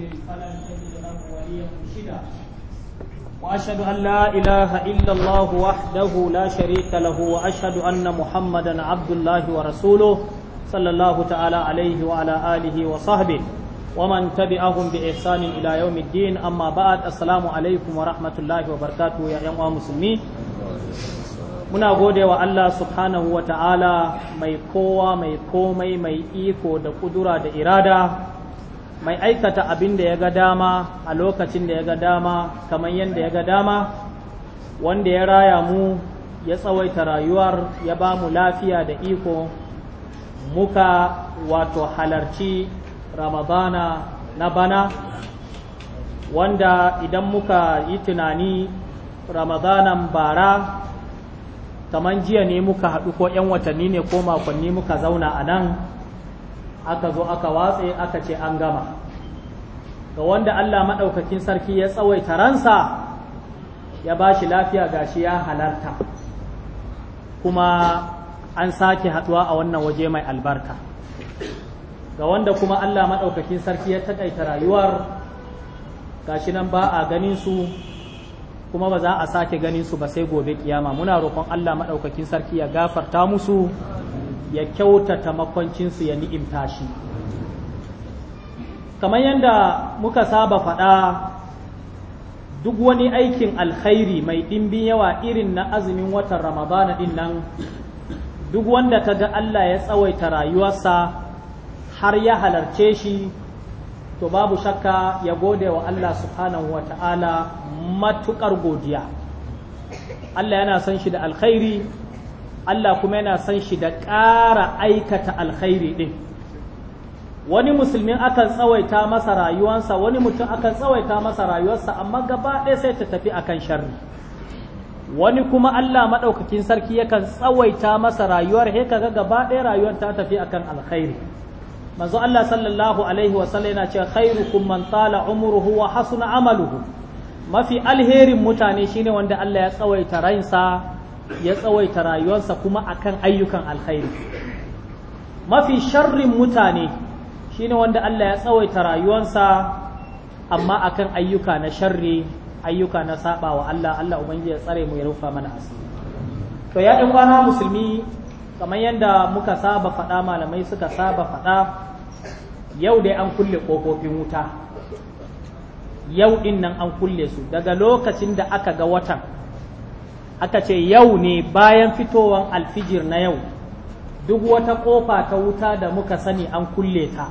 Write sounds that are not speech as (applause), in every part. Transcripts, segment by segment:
المدبر فلن تجد له وليا مرشدا وأشهد أن لا إله إلا الله وحده لا شريك له وأشهد أن محمدا عبد الله ورسوله صلى الله تعالى عليه وعلى آله وصحبه ومن تبعهم بإحسان إلى يوم الدين أما بعد السلام عليكم ورحمة الله وبركاته يا أيها المسلمين muna gode wa Allah subhanahu wa ta'ala mai kowa mai komai mai iko da kudura da irada mai aikata abin da ya ga dama a lokacin da ya ga dama kamar yadda ya ga dama wanda ya raya mu ya tsawaita rayuwar ya ba mu lafiya da iko muka wato halarci ramadana na bana wanda idan muka yi tunani ramadanan bara kamar jiya ne muka haɗu ko 'yan watanni ne ko makonni muka zauna a nan aka zo aka watse aka ce an gama ga wanda Allah maɗaukakin sarki ya tsawaita ransa ya ba shi lafiya gashi ya halarta kuma an sake haɗuwa a wannan waje mai albarka ga wanda kuma Allah maɗaukakin sarki ya taƙaita rayuwar gashi nan ba a ganin kuma ba za a sake ganin su ba sai gobe ƙiyama, muna roƙon Allah maɗaukakin sarki ya gafarta musu ya kyautata makwancinsu ya ni'imta shi kamar yadda muka saba faɗa duk wani aikin alkhairi mai ɗimbin yawa irin na azumin watan ramadana ɗin nan duk wanda ta ga Allah ya tsawaita rayuwarsa har ya halarce shi to babu shakka ya gode wa Allah subhanahu wa matuƙar godiya Allah yana son shi da alkhairi Allah kuma yana son shi da ƙara aikata alkhairi ɗin wani musulmin akan tsawaita masa rayuwansa wani mutum akan tsawaita masa rayuwarsa amma gaba ɗaya sai ta tafi akan sharri wani kuma Allah maɗaukakin sarki yakan tsawaita masa rayuwar he kaga gaba ɗaya rayuwar ta tafi akan alkhairi manzo Allah sallallahu alaihi wa sallam yana cewa kum man tala umruhu wa hasuna amaluhu mafi alherin mutane shine wanda Allah ya tsawaita ransa ya tsawaita rayuwarsa kuma akan ayyukan alkhairi mafi sharrin mutane shine wanda Allah ya tsawaita rayuwarsa amma akan ayyuka na sharri ayyuka na saba wa Allah Allah ubangiji ya tsare mu ya rufa mana asiri to ya ɗan kwana musulmi kamar yadda muka saba faɗa malamai suka saba faɗa yau dai an kulle kofofin wuta yau ɗinnan an kulle su daga lokacin da aka ga watan aka ce yau ne bayan fitowan alfijir na yau duk wata ƙofa ta wuta da muka sani an kulle ta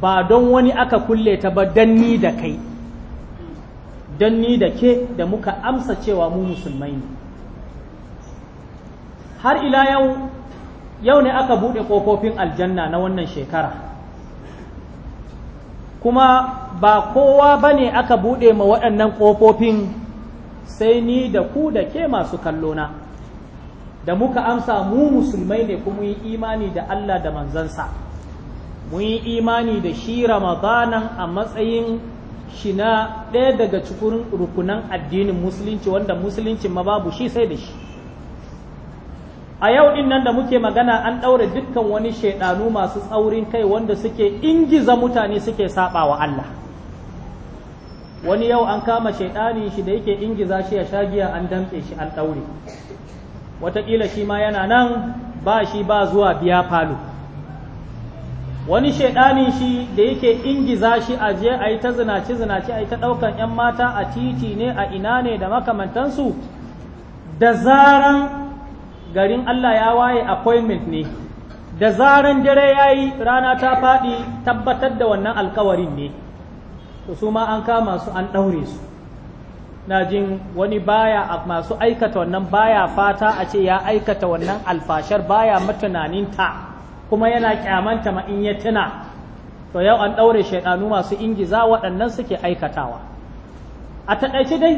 ba don wani aka kulle ta ba don ni da kai don ni da ke da muka amsa cewa mu musulmai ne har ila yau yau ne aka buɗe ƙofofin aljanna na wannan shekara kuma ba kowa ba ne aka buɗe ma waɗannan ƙofofin sai ni da ku da ke masu kallona da muka amsa mu musulmai ne kuma yi imani da Allah da manzansa mu yi imani da shi ramadanan a matsayin shi na ɗaya daga cikin rukunan addinin musulunci wanda musulunci ma babu shi sai da shi a yau din nan da muke magana an ɗaure dukkan wani shaidanu masu tsaurin kai wanda suke ingiza mutane suke saɓa wa Allah wani yau an kama shaidani shi da yake ingiza shi ya sha giya an damtse shi an ɗaure wataƙila shi ma yana nan ba shi ba zuwa biya falo wani shaidani shi da yake ingiza shi a je a yi ta zinaci zinaci a yi ta ɗaukan 'yan mata a titi ne a ina ne da makamantansu da zaran garin Allah ya waye appointment ne da zaran dare ya yi rana ta faɗi tabbatar da wannan alkawarin ne to su ma an kama su an ɗaure su na jin wani baya masu aikata wannan baya fata a ce ya aikata wannan alfashar baya ta kuma yana kyamanta ma in ya tuna to yau an ɗaure shaidanu masu ingiza waɗannan suke aikatawa a taɗaice dai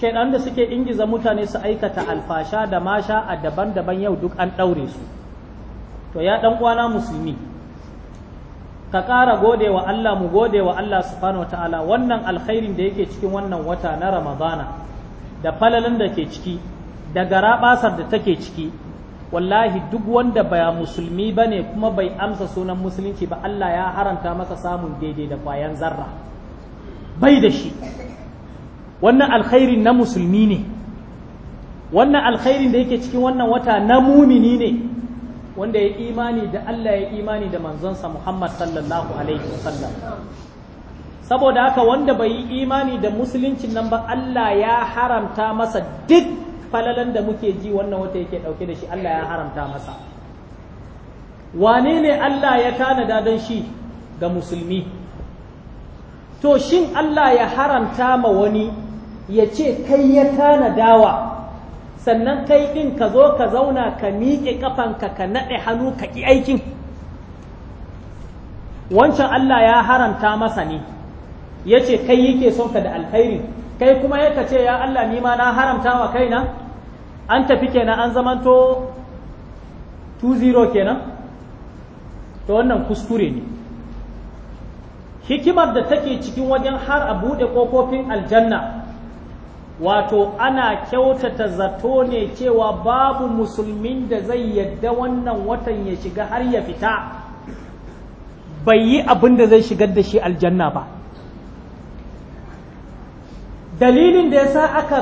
shaidanu da suke ingiza mutane su aikata alfasha da masha a daban-daban yau duk an ɗaure su to ya ɗan uwana musulmi ka ƙara gode wa Allah mu gode wa Allah subhanahu wataala wannan alkhairin da yake cikin wannan wata na Ramadana da falalin da ke ciki da garaɓasar da take ciki wallahi duk wanda baya musulmi ba ne kuma bai amsa sunan musulunci ba Allah ya haranta masa samun daidai da kwayan zarra bai da shi wannan alkhairin na musulmi ne wannan alkhairin da yake cikin wannan wata na mumini ne wanda ya imani da Allah ya imani da manzonsa Muhammad sallallahu alaihi wasallam saboda haka wanda bai yi imani da musuluncin nan ba Allah ya haramta masa duk falalan da muke ji wannan wata yake dauke da shi Allah ya haramta masa wane ne Allah ya tanada don shi ga musulmi to shin Allah ya haramta ma wani ya ce kai ya tanadawa sannan kai ɗin ka zo ka zauna ka miƙe ƙafanka ka naɗe hannu ka ƙi aikin wancan Allah ya haramta masa ne ya ce kai yake son ka da alkhairi kai kuma yaka ce ya Allah nima na haramta wa kaina an tafi kenan an zamanto 2-0 kenan Ta wannan kuskure ne hikimar da take cikin wajen har a buɗe ƙofofin aljanna wato ana kyautata zato ne cewa babu musulmin da zai yadda wannan watan ya shiga har ya fita bai yi abin da zai shigar da shi aljanna ba dalilin da ya sa aka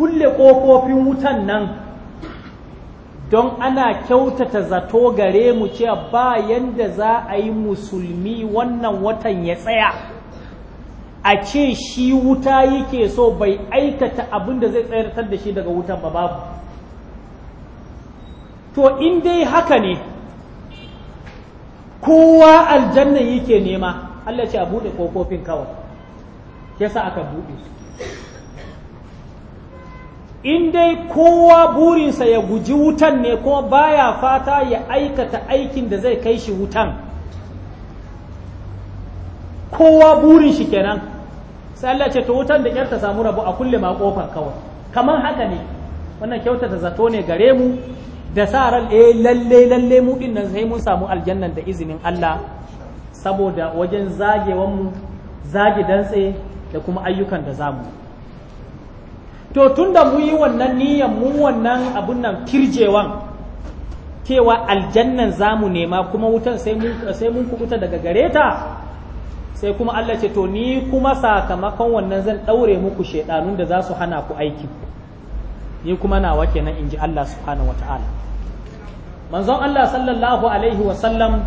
kulle kofofin wutan nan don ana kyautata zato gare mu cewa ba yanda za a yi musulmi wannan watan ya tsaya a ce shi wuta yake so bai aikata abin da zai tsayartar da shi daga wutan ba babu to in dai haka ne kowa aljanna yake nema Allah ce a buɗe ƙofofin kawai yasa aka buɗe su in dai kowa burinsa ya guji wutan ne kuma baya fata ya aikata aikin da zai kai shi wutan kowa burin shi kenan sai Allah ce to wutan da kyar ta samu rabo a kulle ma kofar kawai kamar haka ne wannan kyautata zato ne gare mu da sa ran eh lalle lalle mu din nan sai mun samu aljannan da izinin Allah saboda wajen zagewan mu zage dantse da kuma ayyukan da zamu to tunda mu yi wannan niyyar mu wannan abun nan kirjewan cewa aljannan zamu nema kuma wutan sai mun sai mun kubuta daga gareta. sai kuma Allah ce to ni kuma sakamakon wannan zan ɗaure muku shaiɗanun da za su hana ku aiki ni kuma nawa kenan in ji Allah subhanahu wata'ala manzon Allah sallallahu alaihi wasallam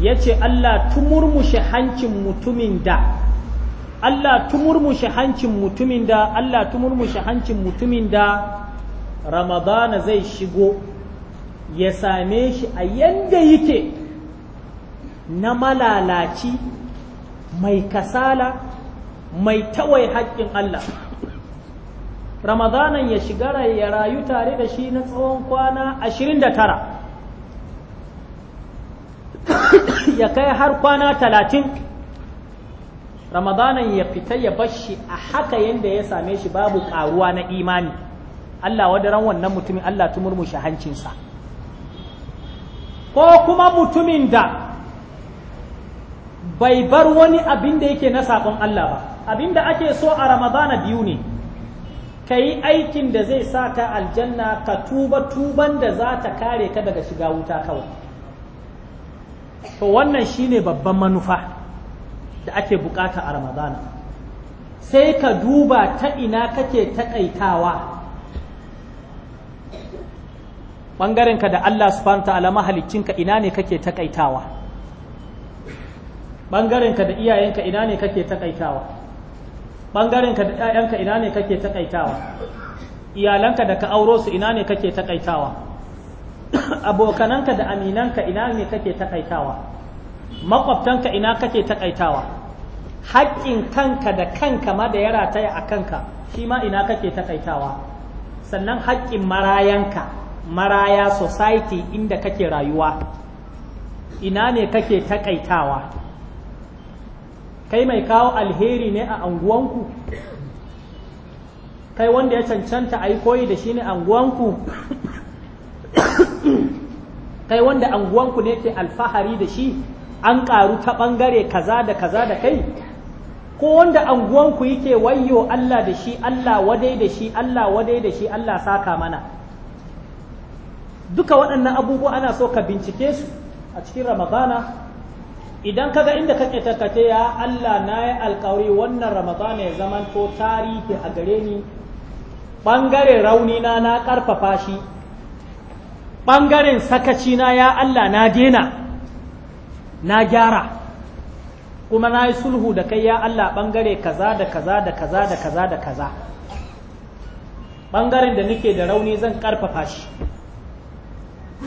ya ce Allah tumurmushe hancin mutumin da Allah tumurmushe hancin mutumin da Allah tumurmushe hancin mutumin da Ramadana zai shigo ya same shi a yanda yake na malalaci mai kasala mai tawai haƙƙin Allah ramadanan ya shiga ya rayu tare da shi na tsawon kwana 29 (coughs) ya kai har kwana 30 ramadanan ya fita ya bashi a haka yadda ya same shi babu ƙaruwa na imani Allah wadaran wannan mutumin Allah tumurmushi hancinsa ko kuma mutumin da bai bar wani abin da yake na sabon Allah ba abin da ake so a ramadana biyu ne ka yi aikin da zai sa ka aljanna ka tuba tuban da za ta kare ka daga shiga wuta kawai to wannan shine babban manufa da ake bukata a ramadana sai ka duba ta ina kake takaitawa ɓangarenka da Allah subhanahu ta'ala mahalicinka ina ne kake takaitawa ɓangarenka da iyayenka ina ne kake takaitawa ɓangarenka da ‘ya'yanka ina ne kake takaitawa iyalanka da ka auro su ina ne kake takaitawa (clears throat) abokananka da aminanka ina ne kake takaitawa makwabtanka ina kake takaitawa haƙƙin kanka da kanka ma da ya rataya a kanka shi ma ina kake takaitawa sannan haƙƙin marayanka maraya society inda kake rayuwa ina ne kake takaitawa kai mai kawo alheri ne a anguwanku kai wanda ya cancanta a yi koyi da shi ne anguwanku kai wanda anguwanku ne ke alfahari da shi an karu ta ɓangare kaza da kaza da kai ko wanda anguwanku yake wayyo Allah da shi Allah wadai da shi Allah wadai da shi Allah saka mana duka waɗannan abubuwa ana so ka bincike su a cikin ramadana idan kaga inda kake takace ya Allah na yi alkawari wannan Ramadan ya zaman to tarihi a gare ni ɓangaren raunina na ƙarfafa shi ɓangaren sakacina ya Allah na dena na gyara kuma na yi sulhu da kai ya Allah bangare kaza da kaza da kaza da kaza da kaza ɓangaren da nake da rauni zan ƙarfafa shi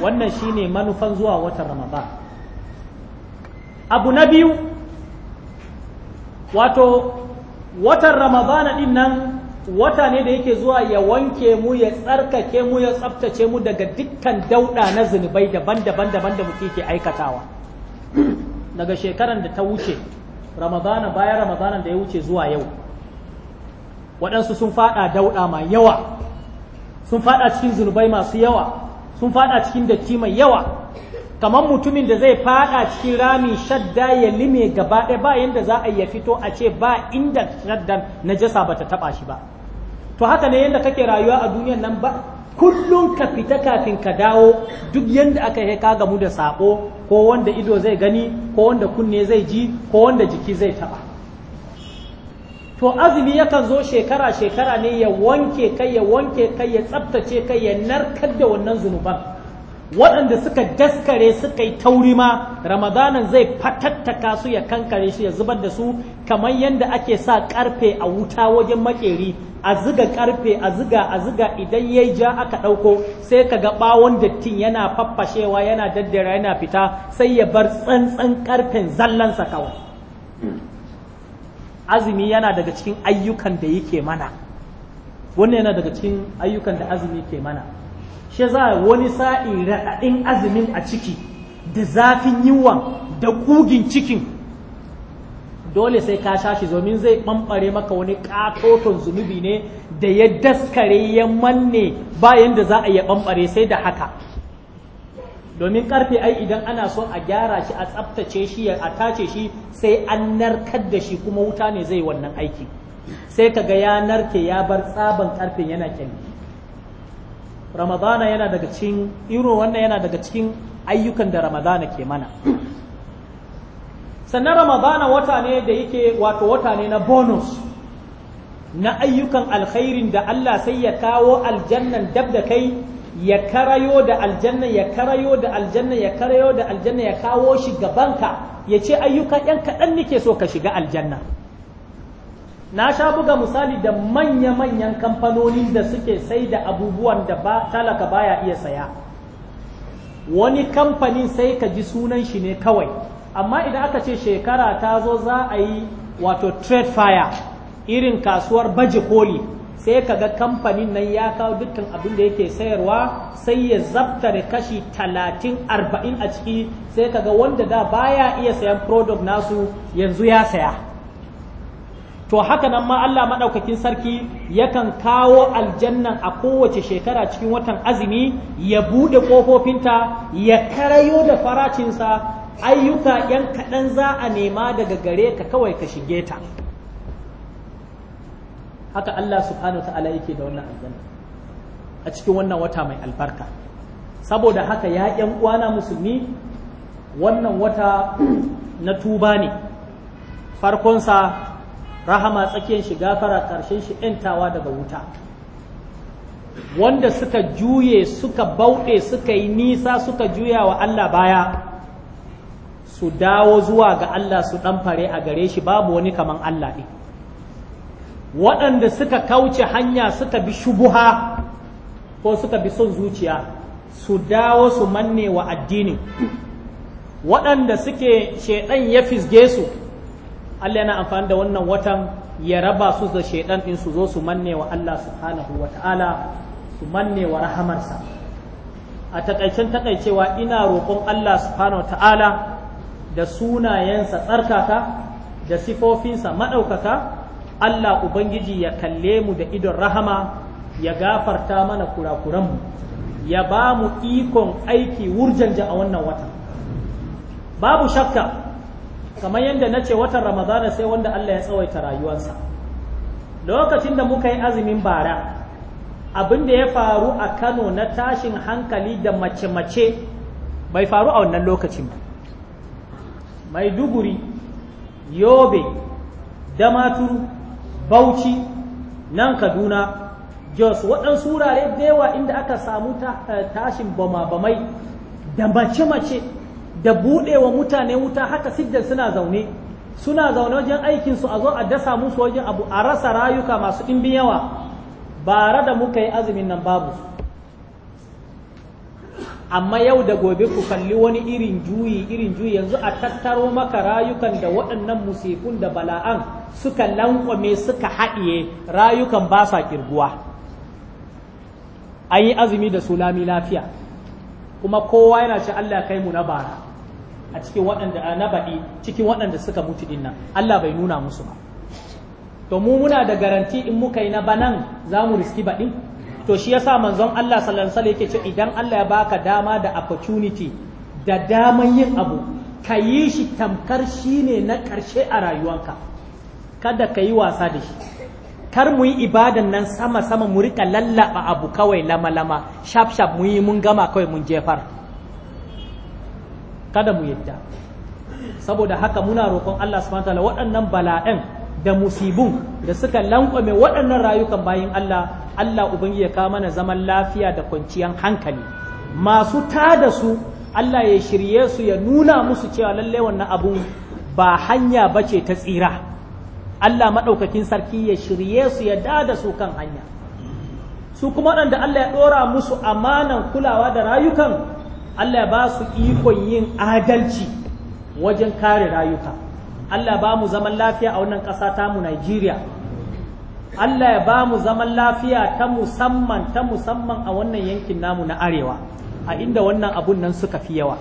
wannan shine manufan zuwa watan Ramadan abu na biyu wato watan ramadana din nan wata ne da yake zuwa ya wanke mu ya tsarkake mu ya tsabtace mu daga dukkan dauda na zunubai daban-daban daban da muke ke aikatawa (clears throat) daga shekaran da ta wuce ramadana bayan ramadana da ya wuce zuwa yau waɗansu sun fada dauda mai yawa sun fada cikin zunubai masu yawa sun fada cikin datti mai yawa kamar mutumin da zai fada cikin rami shadda ya lime gaba ɗaya ba yadda za a ya fito a ce ba inda shaddan jasa ba ta taba shi ba to haka ne yadda kake rayuwa a duniyan nan ba kullum ka fita kafin ka dawo duk yadda aka yi ka mu da sako ko wanda ido zai gani ko wanda kunne zai ji ko wanda jiki zai taba to azumi yakan zo shekara shekara ne ya wanke kai ya wanke kai ya tsaftace kai ya narkar da wannan zunuban waɗanda suka daskare suka yi tauri ma ramadanan zai fatattaka su ya kankare shi ya zubar da su kamar yadda ake sa karfe a wuta wajen makeri a ziga karfe a ziga a ziga idan yayi ja aka ɗauko sai ka ga ɓawon dattin yana faffashewa yana daddara yana fita sai ya bar tsantsan karfen zallansa kawai azumi yana daga cikin ayyukan da yake mana wannan yana daga cikin ayyukan da azumi ke mana shi za wani sa'i raɗaɗin azumin a ciki da zafin yiwuwa, da kugin cikin dole sai ka sha shi zomin zai ɓamɓare maka wani ƙatoton zunubi ne da ya daskare ya manne bayan da za a yi ɓamɓare sai da haka domin ƙarfe ai idan ana so a gyara shi a tsaftace shi a tace shi sai an narkar da shi kuma wuta ne zai wannan aiki sai ka ga ya narke ya bar tsaban ƙarfe yana kyalli ramadana yana daga cikin iro wannan yana daga cikin ayyukan da ramadana ke mana sannan ramadana wata ne da yake wato wata ne na bonus na ayyukan alkhairin da Allah sai ya kawo aljannan dab da kai ya karayo da aljanna ya karayo da aljanna ya karayo da aljanna ya kawo shi gabanka ya ce ayyuka 'yan kaɗan nake so ka shiga aljanna na sha buga misali da manya-manyan kamfanoni da suke sai da abubuwan da ba, talaka baya iya saya wani kamfanin sai ka ji sunan shi ne kawai amma idan aka ce shekara ta zo za a yi wato trade fire irin kasuwar baje koli sai ka ga kamfanin nan ya kawo dukkan abin da yake sayarwa sai ya zaftare kashi talatin arba'in a ciki sai ka ga wanda da baya iya sayan product nasu yanzu ya saya to haka nan ma Allah maɗaukakin sarki yakan kawo aljannan a kowace shekara cikin watan azumi ya buɗe ƙofofinta ya karayo da faracinsa ayyuka ‘yan kaɗan za a nema daga gare ka kawai ka shige ta haka Allah subhanahu wa ta'ala yake da wannan aljanna a cikin wannan wata mai albarka saboda haka ya ‘yan uwana musulmi wannan wata na tuba ne farkonsa rahama tsakiyar shi gafara ƙarshen shi ‘yantawa daga wuta wanda suka juye suka bauɗe suka yi nisa suka juya wa Allah baya su dawo zuwa ga Allah su ɗanfare a gare shi babu wani kaman Allah ɗin waɗanda suka kauce hanya suka bi shubuha ko suka bi son zuciya su dawo su manne wa addini waɗanda suke shaiɗan ya fisge su Allah yana amfani da wannan watan ya raba su da shaidan din su zo su manne wa Allah subhanahu wa su manne wa rahamarsa a takaicen takaicewa ina roƙon Allah subhanahu wa da sunayensa tsarkaka da sifofinsa maɗaukaka Allah Ubangiji ya kalle mu da idon rahama ya gafarta mana kurakuran mu, ya ba mu ikon aiki wurjanja a wannan watan babu shakka kamar yadda na ce watan ramadana sai wanda Allah ya tsawaita rayuwarsa lokacin da muka yi azumin bara abin da ya faru a kano na tashin hankali da mace-mace bai faru a wannan lokacin ba maiduguri yobe damaturu bauchi nan kaduna jos waɗansu wurare da yawa inda aka samu eh, tashin bama-bamai da mace-mace da buɗewa mutane wuta haka siddar suna zaune suna zaune wajen aikinsu a zo a dasa musu wajen abu a rasa rayuka masu ɗimbin yawa bara da muka yi azumin nan babu amma yau da gobe ku kalli wani irin juyi irin juyi yanzu a tattaro maka rayukan da waɗannan musifun da bala'an suka lankwame suka haɗiye rayukan ba sa kirguwa an yi azumi da su lami lafiya kuma kowa yana ce Allah kai mu na bara a cikin waɗanda na baɗi cikin waɗanda suka mutu ɗin nan Allah bai nuna musu ba to mu muna da garanti in muka yi na banan za mu riski baɗi to shi yasa manzon Allah sallallahu alaihi yake ce idan Allah ya baka dama da opportunity da daman yin abu ka yi shi tamkar shi ne na ƙarshe a rayuwanka kada ka yi wasa da shi kar mu yi ibadan nan sama-sama mu riƙa lallaɓa abu kawai lama-lama shaf-shaf mu yi mun gama kawai mun jefar kada mu yadda saboda haka muna roƙon Allah subhanahu wataala waɗannan bala'en da musibun da suka lankwame waɗannan rayukan bayin Allah Allah ubangi ya kawo mana zaman lafiya da kwanciyar hankali masu tada su Allah ya shirye su ya nuna musu cewa lalle wannan abun ba hanya bace ta tsira Allah maɗaukakin sarki ya shirye su ya dada su kan hanya su kuma waɗanda Allah ya ɗora musu amanan kulawa da rayukan Allah ya ba su ikon yin adalci wajen kare rayuka Allah ya ba mu zaman lafiya a wannan ƙasa ta mu Najeriya Allah ya ba mu zaman lafiya ta musamman ta musamman a wannan yankin namu na arewa a inda wannan abun nan suka fi yawa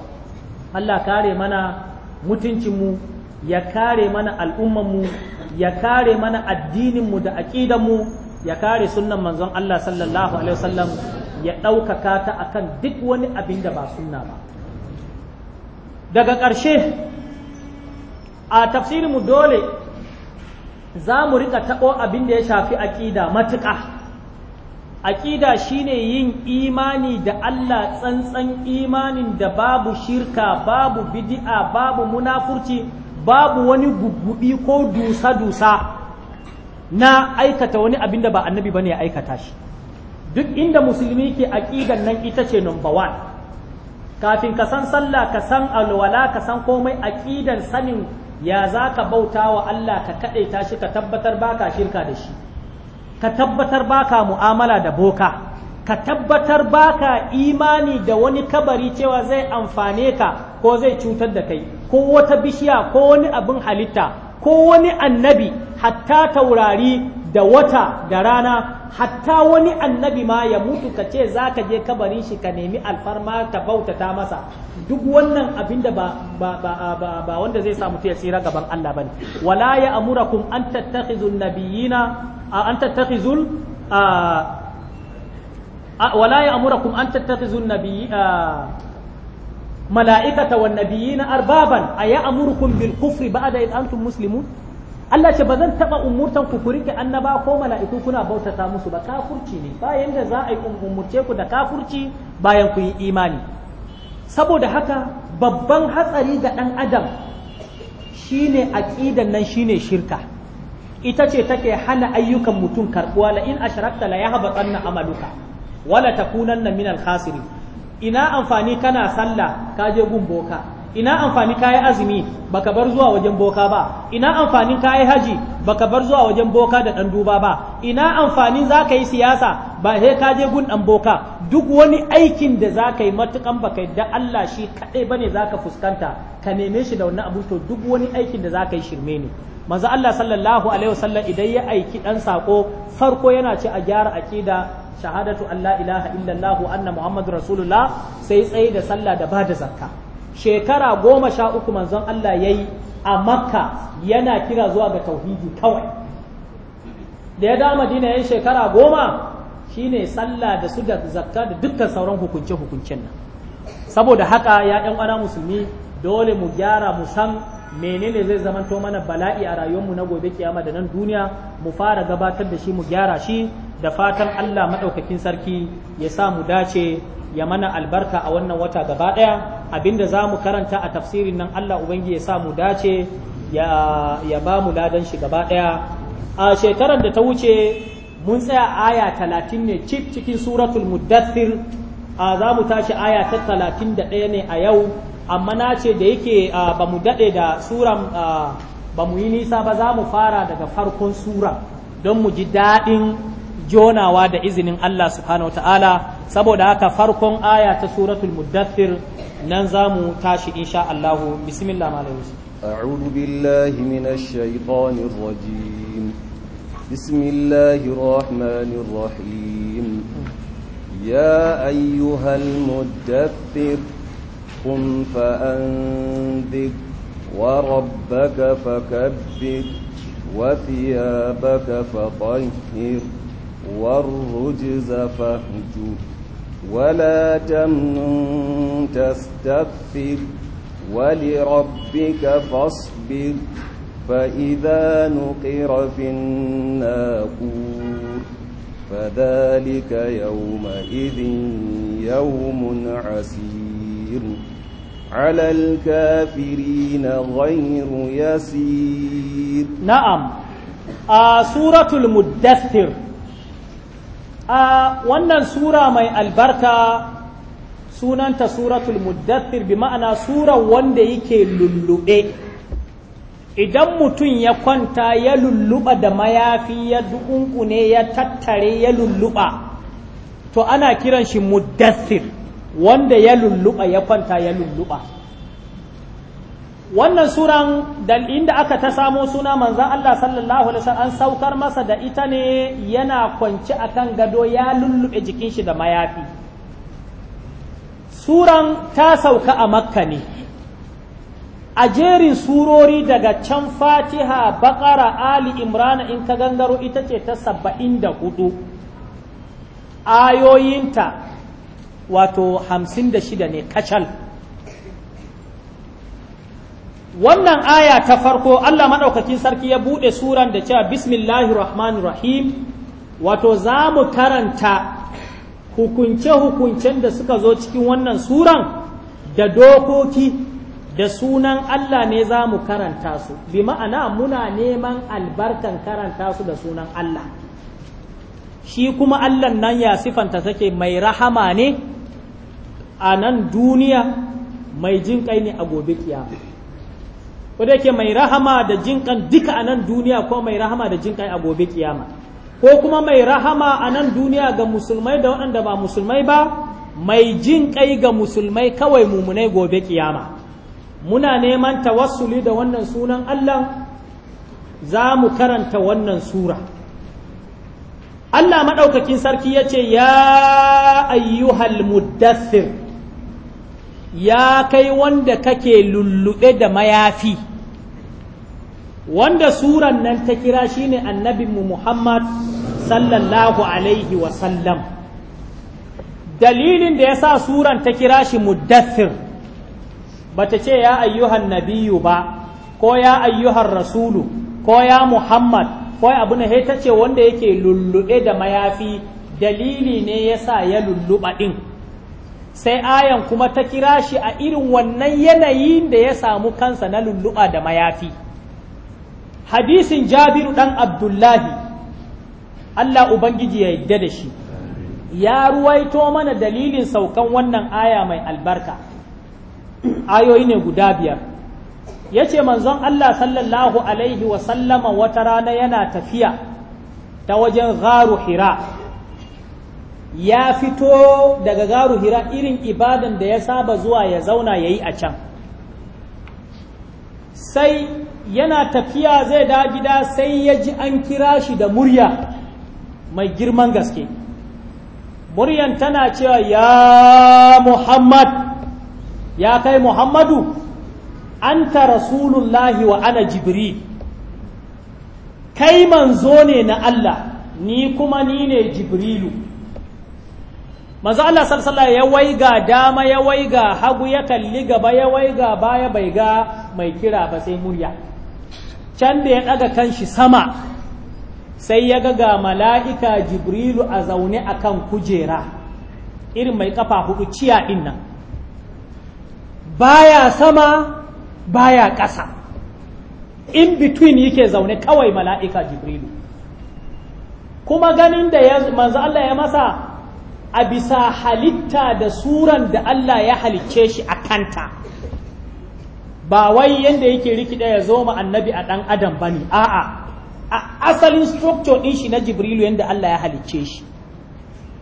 Allah kare mana mutuncinmu ya kare mana al'ummanmu ya kare mana addininmu da aƙidanmu ya kare sunnan manzon Allah sallallahu alaihi wasallam ya ɗaukaka ta a kan duk wani abin da ba sunna ba daga ƙarshe a tafsirinmu dole za mu rika taɓo abin da ya shafi aƙida matuƙa aƙida shine yin imani da Allah tsantsan imanin da babu shirka babu bidi'a babu munafurci babu wani guggubi ko dusa-dusa na aikata wani abin da ba annabi ne ya aikata shi duk inda musulmi ke aƙidan nan ita ce number one kafin ka san sallah ka san alwala ka san komai aƙidan sanin ya za ka bauta wa Allah ka kaɗaita shi ka tabbatar baka shirka da shi ka tabbatar baka mu'amala da boka ka tabbatar baka imani da wani kabari cewa zai amfane ka ko zai cutar da kai ko wata bishiya ko wani abin halitta ko wani annabi hatta taurari da wata da rana hatta wani annabi ma ya mutu ka ce za ka je kabarin shi ka nemi alfarma ka bautata masa duk wannan abin da ba, ba, ba, ba, wanda zai samu ya tsira gaban Allah bane wala ya amurakum an tattakhizul nabiyina an tattakhizul wala ya amurakum an tattakhizul nabiyyi mala'ikata wan nabiyina arbaban aya amurukum bil kufri ba'da id antum muslimun Allah ce ba zan taɓa umurtan ku ku annaba ko mala'iku kuna bautata musu ba kafurci ne bayan da za a yi umurce ku da kafurci bayan ku yi imani saboda haka babban hatsari ga ɗan adam shine aƙidan nan shine shirka ita ce take hana ayyukan mutum karbuwa la in ashrakta la yahbatanna amaluka wala takunanna minal khasirin ina amfani kana sallah ka je gun boka ina amfani kayan azumi baka bar zuwa wajen boka ba ina amfanin kayi haji baka bar zuwa wajen boka da ɗan duba ba ina amfanin ka yi siyasa ba sai ka je gun boka duk wani aikin da ka yi matukan baka da Allah shi kadai za zaka fuskanta ka neme shi da wani abu to duk wani aikin da za ka yi shirme ne manzo Allah sallallahu alaihi wasallam idan ya aiki dan sako farko yana ce a gyara aqida shahadatu allah la ilaha illallah anna muhammadur rasulullah sai tsaye da sallah da bada zakka shekara goma sha uku manzon Allah ya yi a makka yana kira zuwa ga tauhidi kawai da ya dawo madina ya yi shekara goma shine sallah da su da zakka da dukkan sauran hukunce hukuncen nan saboda haka ya ɗan uwa musulmi dole mu gyara mu san menene zai zamanto mana bala'i a rayuwarmu na gobe kiyama da nan duniya mu fara gabatar da shi mu gyara shi da fatan Allah maɗaukakin sarki ya sa mu dace ya mana albarka a wannan wata gaba ɗaya abinda za mu karanta a tafsirin nan Allah ubangi ya sa mu dace ya ba mu ladan shi gaba ɗaya a shekarar da ta wuce mun tsaya aya talatin ne cif cikin suratul muddathir a za mu tashi aya ta talatin da ɗaya ne a yau amma na ce da yake ba mu daɗe da suran ba mu yi nisa ba za mu fara daga farkon sura don mu ji daɗin jonawa da izinin Allah subhanahu ta'ala saboda haka farkon aya ta suratul muddathir nan zamu tashi insha Allah bismillah malam أعوذ بالله من الشيطان الرجيم بسم الله الرحمن الرحيم يا أيها المدثر قم فأنذر وربك فكبر وثيابك فطهر والرجز فاهجر ولا تمنن تستكثر ولربك فاصبر فإذا نقر في الناقور فذلك يومئذ يوم عسير على الكافرين غير يسير نعم آه سورة المدثر a wannan sura mai albarka sunanta suratul muddathir bi ma'ana sura wanda yake lullube idan mutum ya kwanta ya lulluba da mayafi ya dukunkune ya tattare ya lulluba to ana kiran shi muddathir wanda ya lulluba ya kwanta ya lulluba wannan suran dal inda aka ta samo suna manzan Allah sallallahu alaihi wasallam an saukar masa da ita ne yana kwance kan gado ya lullube jikin shi da mayafi suran ta sauka a makka ne a jerin surori daga can fatiha bakara ali imrana in ka gangaro ita ce ta saba'in da hudu ayoyinta wato hamsin da shida ne kacal wannan aya ta farko Allah maɗaukakin sarki ya buɗe suran da cewa bismillahir rahmanir rahim wato za mu karanta hukunce-hukuncen da suka zo cikin wannan suran da dokoki da sunan Allah ne za mu karanta su bi ma'ana muna neman albarkan karanta su da sunan Allah shi kuma Allah nan ya sifanta take mai rahama ne a nan duniya mai jin kai ne a gobe kiyama ko da yake mai rahama da jinkan duka a nan duniya ko mai rahama da jinkan a gobe kiyama ko kuma mai rahama a nan duniya ga musulmai da waɗanda ba musulmai ba mai jinƙai ga musulmai kawai mumunai gobe kiyama muna neman tawassuli da wannan sunan Allah za mu karanta wannan sura Allah maɗaukakin sarki ya ce ya ayyuhal muddassir ya kai wanda kake lullube da mayafi wanda suran nan ta kira shi shine annabinmu Muhammad sallallahu alaihi wasallam dalilin da ya sa suran ta kira shi muddathir bata ce ya ayyuhan nabiyu ba ko ya ayyuhan rasulu ko ya Muhammad ko abu na ta ce wanda yake lullube da mayafi dalili ne ya sa ya lulluɓa ɗin sai ayan kuma ta kira shi a irin wannan yanayin da ya samu kansa na lulluɓa da mayafi hadisin jabiru ɗan abdullahi Allah Ubangiji ya yadda da shi ya ruwaito mana dalilin saukan wannan aya mai albarka ayoyi ne guda biyar ya ce manzon Allah sallallahu alaihi wasallama wata rana yana tafiya ta wajen garu hira ya fito daga garu hira irin ibadan da ya saba zuwa ya zauna ya yi a can sai yana tafiya zai da gida sai ya ji an kira shi da murya mai girman gaske muryan tana cewa ya muhammad ya kai muhammadu an anta rasulullahi wa ana jibril kai manzo ne na allah ni kuma ni ne jibrilu manzo Allah sallallahu ya wai ga dama ya ga hagu ya kalli gaba ya ga baya bai ga mai kira ba sai murya can da ya ɗaga kanshi sama sai ya ga mala'ika jibrilu a zaune a kan kujera irin mai ƙafa hudu ciya ɗin nan baya sama baya ƙasa in between yake zaune kawai mala'ika jibrilu kuma ganin da ya manzu Allah ya masa a bisa halitta da suran da Allah ya halicce shi a kanta ba wai yanda yake rikida ya zo ma annabi a ɗan adam ba ne a'a a asalin structure ɗin shi na jibrilu yanda Allah ya halicce shi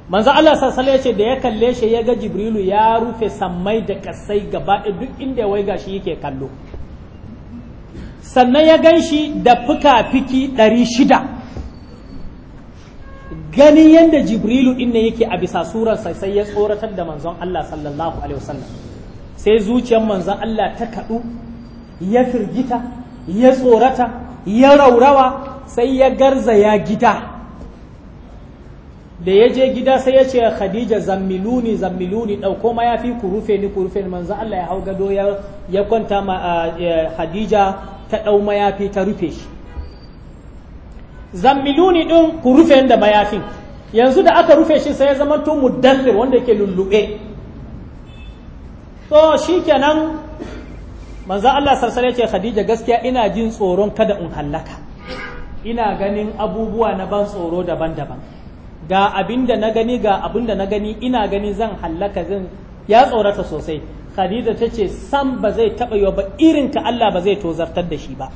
manzo Allah sallallahu alaihi da ya kalle shi ya ga jibrilu ya rufe sammai da kasai gaba duk inda wai gashi yake kallo sannan ya gan shi da fuka-fiki ɗari shida ganin yadda jibrilu inna yake a bisa surarsa sai ya tsoratar da manzon Allah sallallahu alaihi wasallam sai zuciyar manzan Allah ta kaɗu ya firgita ya tsorata ya raurawa sai ya garza ya gida da ya je gida sai ya ce khadija zammiluni zammiluni ɗauko ma ya fi ku rufe ni ku rufe ni manzan Allah ya hau gado ya kwanta ma khadija ta ɗau mayafi ta rufe shi zammiluni ɗin ku rufe da mayafin yanzu da aka rufe shi sai ya zama to mudassir wanda yake lullube to shikenan manzan Allah sarsare ce Khadija gaskiya ina jin tsoron kada in hallaka ina ganin abubuwa na ban tsoro daban-daban ga abinda na gani ga da na gani ina gani zan hallaka zan ya tsorata sosai Khadija ta ce sam ba zai taɓa yi ba irin ka Allah ba zai tozartar da shi ba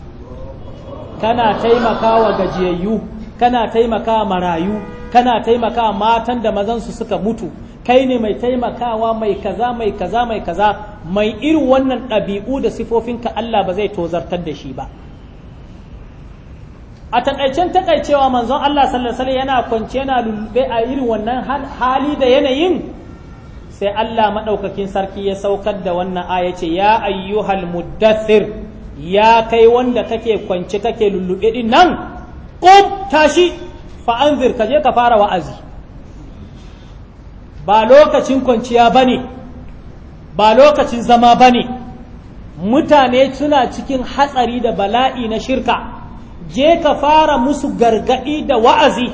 kana taimakawa gajiyayyu kana taimakawa marayu kana taimakawa matan da mazan su suka mutu kai ne mai taimakawa mai kaza mai kaza mai kaza mai irin wannan ɗabi'u da sifofinka Allah ba zai tozartar da shi ba a takaicen takaicewa manzon Allah sallallahu alaihi yana kwance yana lulube a irin wannan hali da yanayin sai Allah madaukakin sarki ya saukar da wannan aya ce ya ayyuhal muddathir ya kai wanda kake kwance kake lulube din nan qum tashi fa anzir ka je ka fara wa'azi ba lokacin kwanciya ba ne ba lokacin zama ba ne mutane suna cikin hatsari da bala'i na shirka je ka fara musu gargaɗi da wa'azi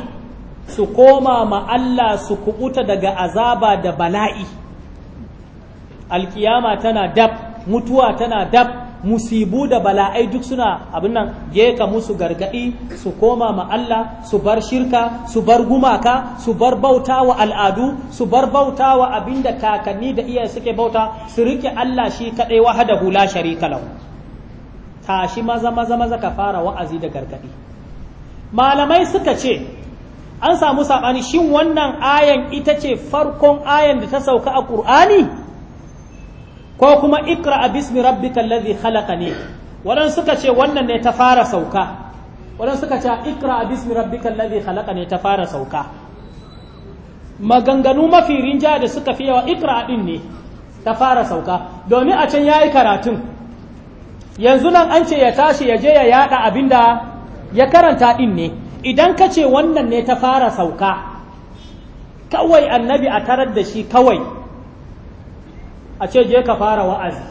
su koma ma Allah su kubuta daga azaba da bala'i alkiyama tana dab mutuwa tana dab musibu da bala'ai duk suna abin nan geka musu gargadi su koma ma Allah su bar shirka su bar gumaka su bar bauta wa al'adu su bar bauta wa abinda kakanni da iyaye suke bauta su rike Allah shi kaɗai wahdahu la sharika lahu tashi maza maza maza ka fara wa'azi da gargadi malamai suka ce an samu saɓani shin wannan ayan ita ce farkon ayan da ta sauka a Qur'ani ko kuma ikra a bismi rabbika allazi khalaqa ne wadan suka ce wannan ne ta fara sauka wadan suka ce ikra a bismi rabbika allazi khalaqa ne ta fara sauka maganganu mafi rinja da suka fi yawa ikra din ne ta fara sauka domin a can yayi karatun yanzu nan an ce ya tashi ya je ya yada abinda ya karanta din ne idan ka ce wannan ne ta fara sauka kawai annabi a tarar da shi kawai a ce je ka fara wa'azi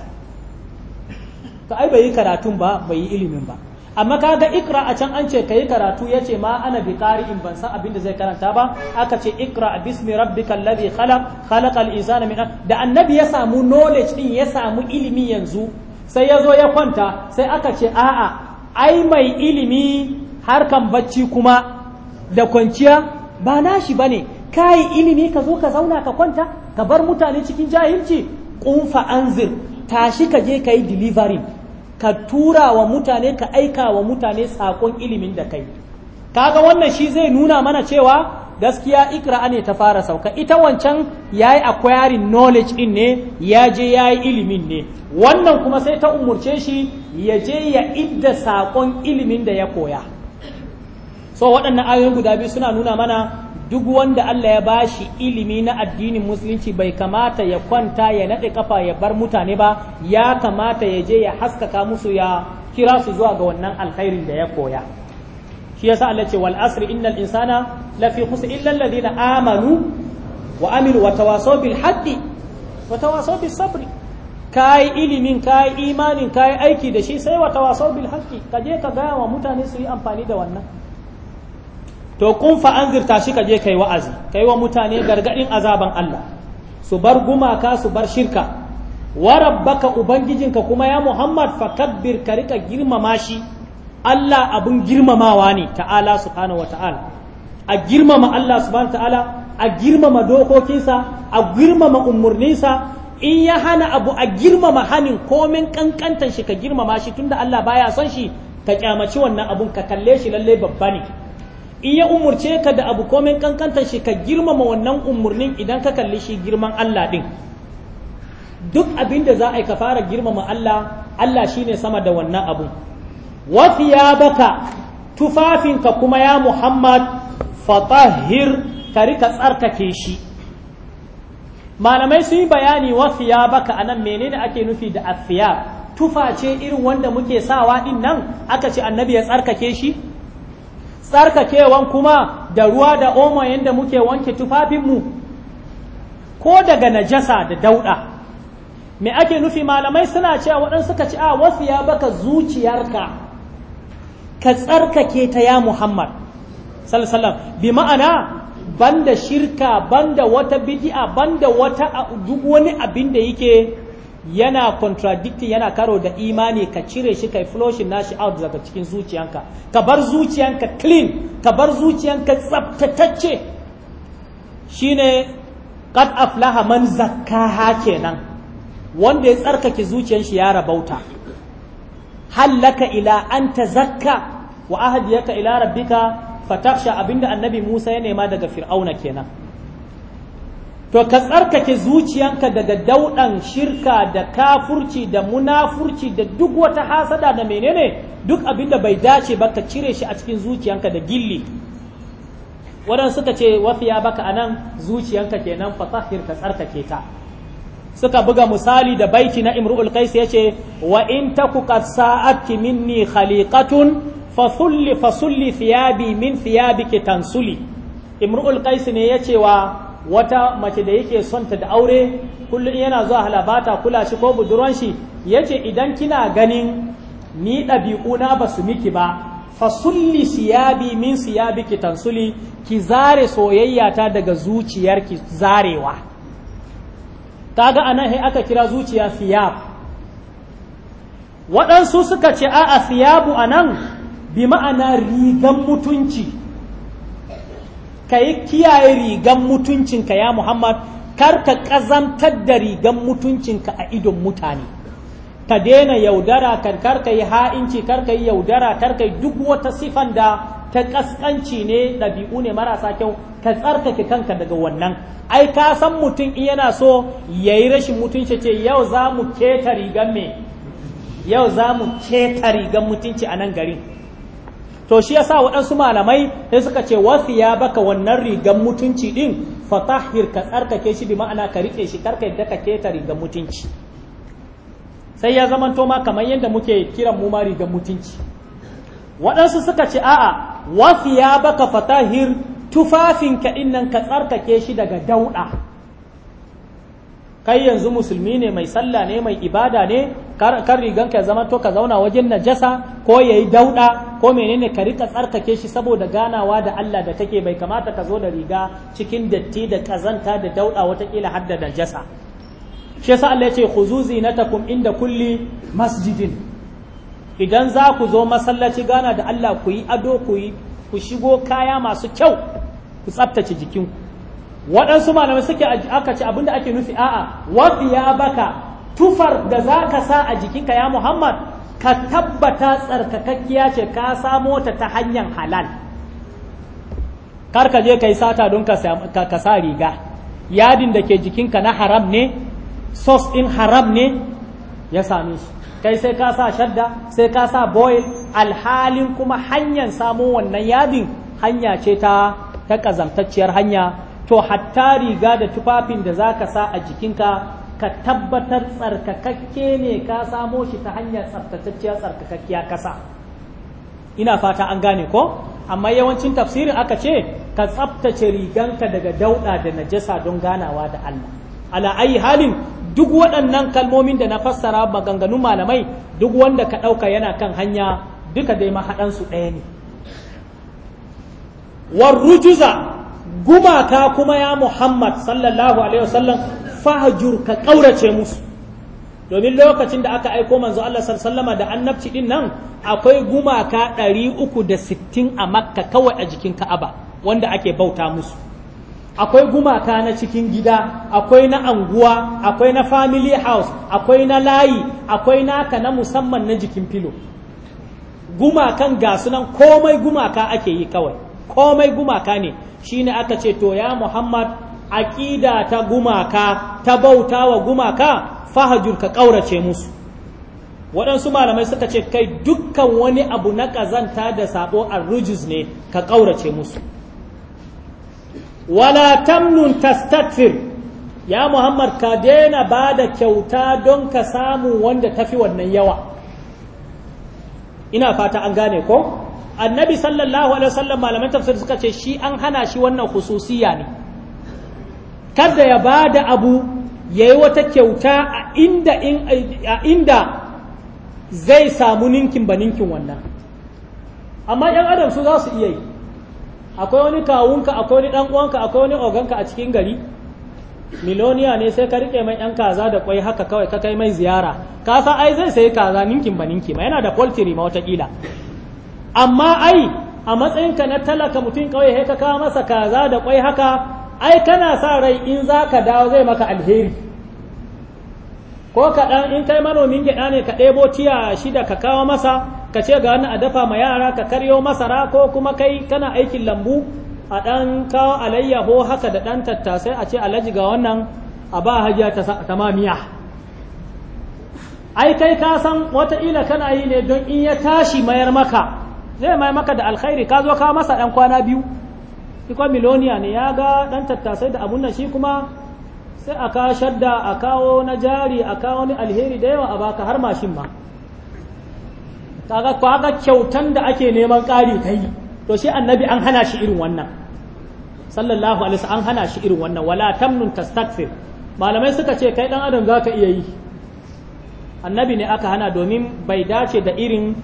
ka ai bai yi karatun ba bai yi ilimin ba amma ga ikra a can an ce kayi karatu yace ma ana bi in ban san abin da zai karanta ba aka ce ikra bismi rabbikal ladhi khalaq khalaqal insana min da annabi ya samu knowledge din ya samu ilimi yanzu sai ya zo ya kwanta sai aka ce a'a ai mai ilimi harkan bacci kuma da kwanciya ba nashi bane kai ilimi ka zo ka zauna ka kwanta ka bar mutane cikin jahilci kunfa anzir tashi ka je ka yi delivery ka tura wa mutane ka aika wa mutane sakon ilimin da kai kaga wannan shi zai nuna mana cewa gaskiya ikra ne ta fara sauka ita wancan ya yi acquiring knowledge in ne ya je ya yi ilimin ne wannan kuma sai ta umurce shi ya je ya idda sakon ilimin da ya koya so waɗannan ayoyin guda biyu suna nuna mana duk wanda Allah ya bashi ilimi na addinin musulunci bai kamata ya kwanta ya naɗe kafa ya bar mutane ba ya kamata ya je ya haskaka musu ya kira su zuwa ga wannan alkhairin da ya koya shi yasa Allah ce wal asri innal insana lafi khusr illa alladhina amanu wa amilu wa tawasaw bil haqqi wa tawasaw bis sabri kai ilimin kai imanin kai aiki da shi sai wa tawasaw bil haqqi kaje ka ga wa mutane su yi amfani da wannan to kun fa an zirta shi ka je kai wa'azi kai wa mutane gargadin azaban Allah su bar gumaka su bar shirka wa rabbaka ubangijinka kuma ya Muhammad fakabbir ka rika girmama shi Allah abun girmamawa ne ta'ala subhanahu wata'ala a girmama Allah subhanahu ta'ala a girmama dokokinsa a girmama umurninsa in ya hana abu a girmama hanin komin kankantan shi ka girmama shi tunda Allah baya son shi ka kyamaci wannan abun ka kalle shi lalle babba ne in ya umurce ka da abu komai kankantar shi ka girmama wannan umurnin idan ka kalli shi girman Allah din duk abin da za a yi ka fara girmama Allah Allah shi ne sama da wannan abu Wafiya baka tufafinka kuma ya Muhammad Fatahir, ka rika tsarkake shi malamai sun yi bayani wafiya baka anan menene ake nufi da afiya tufa ce irin wanda muke sawa din nan aka ce annabi ya tsarkake shi tsarkakewan kuma da ruwa da omo yadda muke wanke tufafinmu ko daga najasa da dauɗa me ake nufi malamai suna cewa waɗansu suka ci a wasu ya baka zuciyarka ka tsarkake ta ya muhammad sallallahu bi ma'ana banda shirka banda wata bid'a banda wata duk wani abin da yake yana contradict yana karo da imani ka cire shi kai flushin nashi out daga cikin zuciyanka ka bar zuciyanka clean ka bar zuciyanka tsaftatacce shine qad aflaha man zakkaha kenan wanda ya tsarkake zuciyar shi ya rabauta hallaka ila an tazakka wa ahdiyaka ila rabbika fatakhsha abinda annabi Musa ya nema daga fir'auna kenan to ka tsarkake zuciyanka daga dauɗan shirka da kafurci da munafurci da duk wata hasada da menene duk abinda bai dace ba ka cire shi a cikin zuciyanka da gilli wadansu suka ce wafiya baka a nan zuciyanka kenan fasahir ka tsarkake ta suka buga misali da baiti na imru'ul ya ce wa in ta ku sa'atki minni khaliqatun fasulli fasulli fiyabi min ki tansuli imru'ul qais ne ya ce wa wata mace da yake son ta da aure kullum yana zuwa halabata kula shi ko budurwan shi yace idan kina ganin ni ɗabi'una ba su miki ba fa sulli siyabi min siyabi ki tansuli ki zare soyayya ta daga zuciyar ki zarewa kaga anan sai aka kira zuciya siyab waɗansu suka ce a'a siyabu anan bi ma'ana rigan mutunci ka yi kiyaye rigan mutuncinka ya Muhammad kar ka ƙazantar da rigan mutuncinka a idon mutane ka daina yaudara kar ka yi ha'inci kar ka yi yaudara kar ka yi duk wata sifan da ta ƙasƙanci ne ɗabi'u ne marasa kyau ka tsarkake kanka daga wannan ai ka san mutum in yana so ya yi rashin mutunci ce yau za mu keta rigan me yau za mu keta rigan mutunci a nan garin to shi yasa waɗansu malamai sai suka ce wasu ya baka wannan rigan mutunci din fatahir ka tsarkake shi bi ma'ana ka rike shi karka yadda ka keta rigan mutunci sai ya zama zamanto ma kamar yadda muke kiran mu ma rigan mutunci waɗansu suka ce a'a wasu ya baka fatahir tufafinka innan ka tsarkake shi daga dauɗa kai yanzu musulmi ne mai sallah ne mai ibada ne kan rigan ya zama to ka zauna wajen najasa ko ya yi dauɗa ko menene ka rika tsarkake shi saboda ganawa da Allah da take bai kamata ka zo da riga cikin datti da kazanta da dauɗa watakila har da najasa shi yasa Allah ya ce khuzu zinatakum inda kulli masjidin idan za ku zo masallaci gana da Allah ku yi ado ku yi ku shigo kaya masu kyau ku tsaftace jikinku waɗansu malamai suke aka ce abinda ake nufi a'a ya baka tufar da za ka sa a jikinka ya muhammad ka tabbata tsarkakakkiya ce ka samo ta ta hanyar halal kar ka je ka yi sata don ka sa riga yadin da ke jikinka na haram ne sos in haram ne ya same shi kai sai ka sa shadda sai ka sa boil alhalin kuma hanyar samo wannan yadin hanya ce ta ta ƙazamtacciyar hanya to hatta riga da tufafin da za ka sa a jikinka ka tabbatar tsarkakakke ne ka samo shi ta hanyar tsaftatacciya tsarkakakkiya kasa ina fata an gane ko amma yawancin tafsirin aka ce ka tsaftace riganka daga dauda da najasa don ganawa da Allah ala ayi halin duk waɗannan kalmomin da na fassara maganganun malamai duk wanda ka ɗauka yana kan hanya duka dai mahaɗansu ɗaya ne warrujuza gumaka kuma ya Muhammad sallallahu alaihi wasallam fahjur ka ƙaurace musu domin lokacin da aka aiko manzo Allah sallallahu da annabci din nan akwai gumaka ɗari uku da sittin a makka kawai a jikin ka'aba wanda ake bauta musu akwai gumaka na cikin gida akwai na anguwa akwai na family house akwai na layi akwai naka na musamman na jikin filo gumakan ga sunan komai gumaka ake yi kawai komai gumaka ne ne aka ce to ya Muhammad aƙida ta gumaka ta bauta wa gumaka fahajur ka ƙaurace musu waɗansu malamai suka ce kai dukkan wani abu na ƙazanta da sabo arrujus ne ka ƙaurace musu wala tamnun tastatir ya Muhammad ka daina ba da kyauta don ka samu wanda tafi wannan yawa ina fata an gane ko annabi sallallahu alaihi wasallam malaman tafsir suka ce shi an hana shi wannan hususiya ne kada ya ba da abu yayi yi wata kyauta a inda, inda zai samu ninkin ba ninkin wannan amma yan adam su za su iya yi akwai wani kawunka akwai wani dan uwanka akwai wani oganka a cikin gari miloniya ne sai ka rike mai yan kaza da kwai haka kawai ka kai mai ziyara ka ai zai sayi kaza ninkin ba ninki ba yana da poultry ma watakila amma ai a matsayinka na talaka mutum kawai sai ka kawo masa kaza da kwai haka ai kana sa rai in zaka dawo zai maka alheri ko kaɗan in kai manomin gyaɗa ne ka ɗebo tiya shida ka kawo masa ka ce ga wani a dafa ma yara ka karyo masara ko kuma kai kana aikin lambu a ɗan kawo alayyaho haka da ɗan tattasai a ce alaji ga wannan a ba hajiya ta mamiya ai kai ka san ila kana yi ne don in ya tashi mayar maka zai mai maka da alkhairi ka zo ka masa ɗan kwana biyu iko kuma miloniya ne ya ga ɗan tattasai da abun nan shi kuma sai a ka shadda a kawo na jari a kawo ni alheri da yawa a baka har mashin ma kaga kaga kyautan da ake neman ƙari kai to shi annabi an hana shi irin wannan sallallahu alaihi an hana shi irin wannan wala tamnun tastakfir malamai suka ce kai dan adam zaka iya yi annabi ne aka hana domin bai dace da irin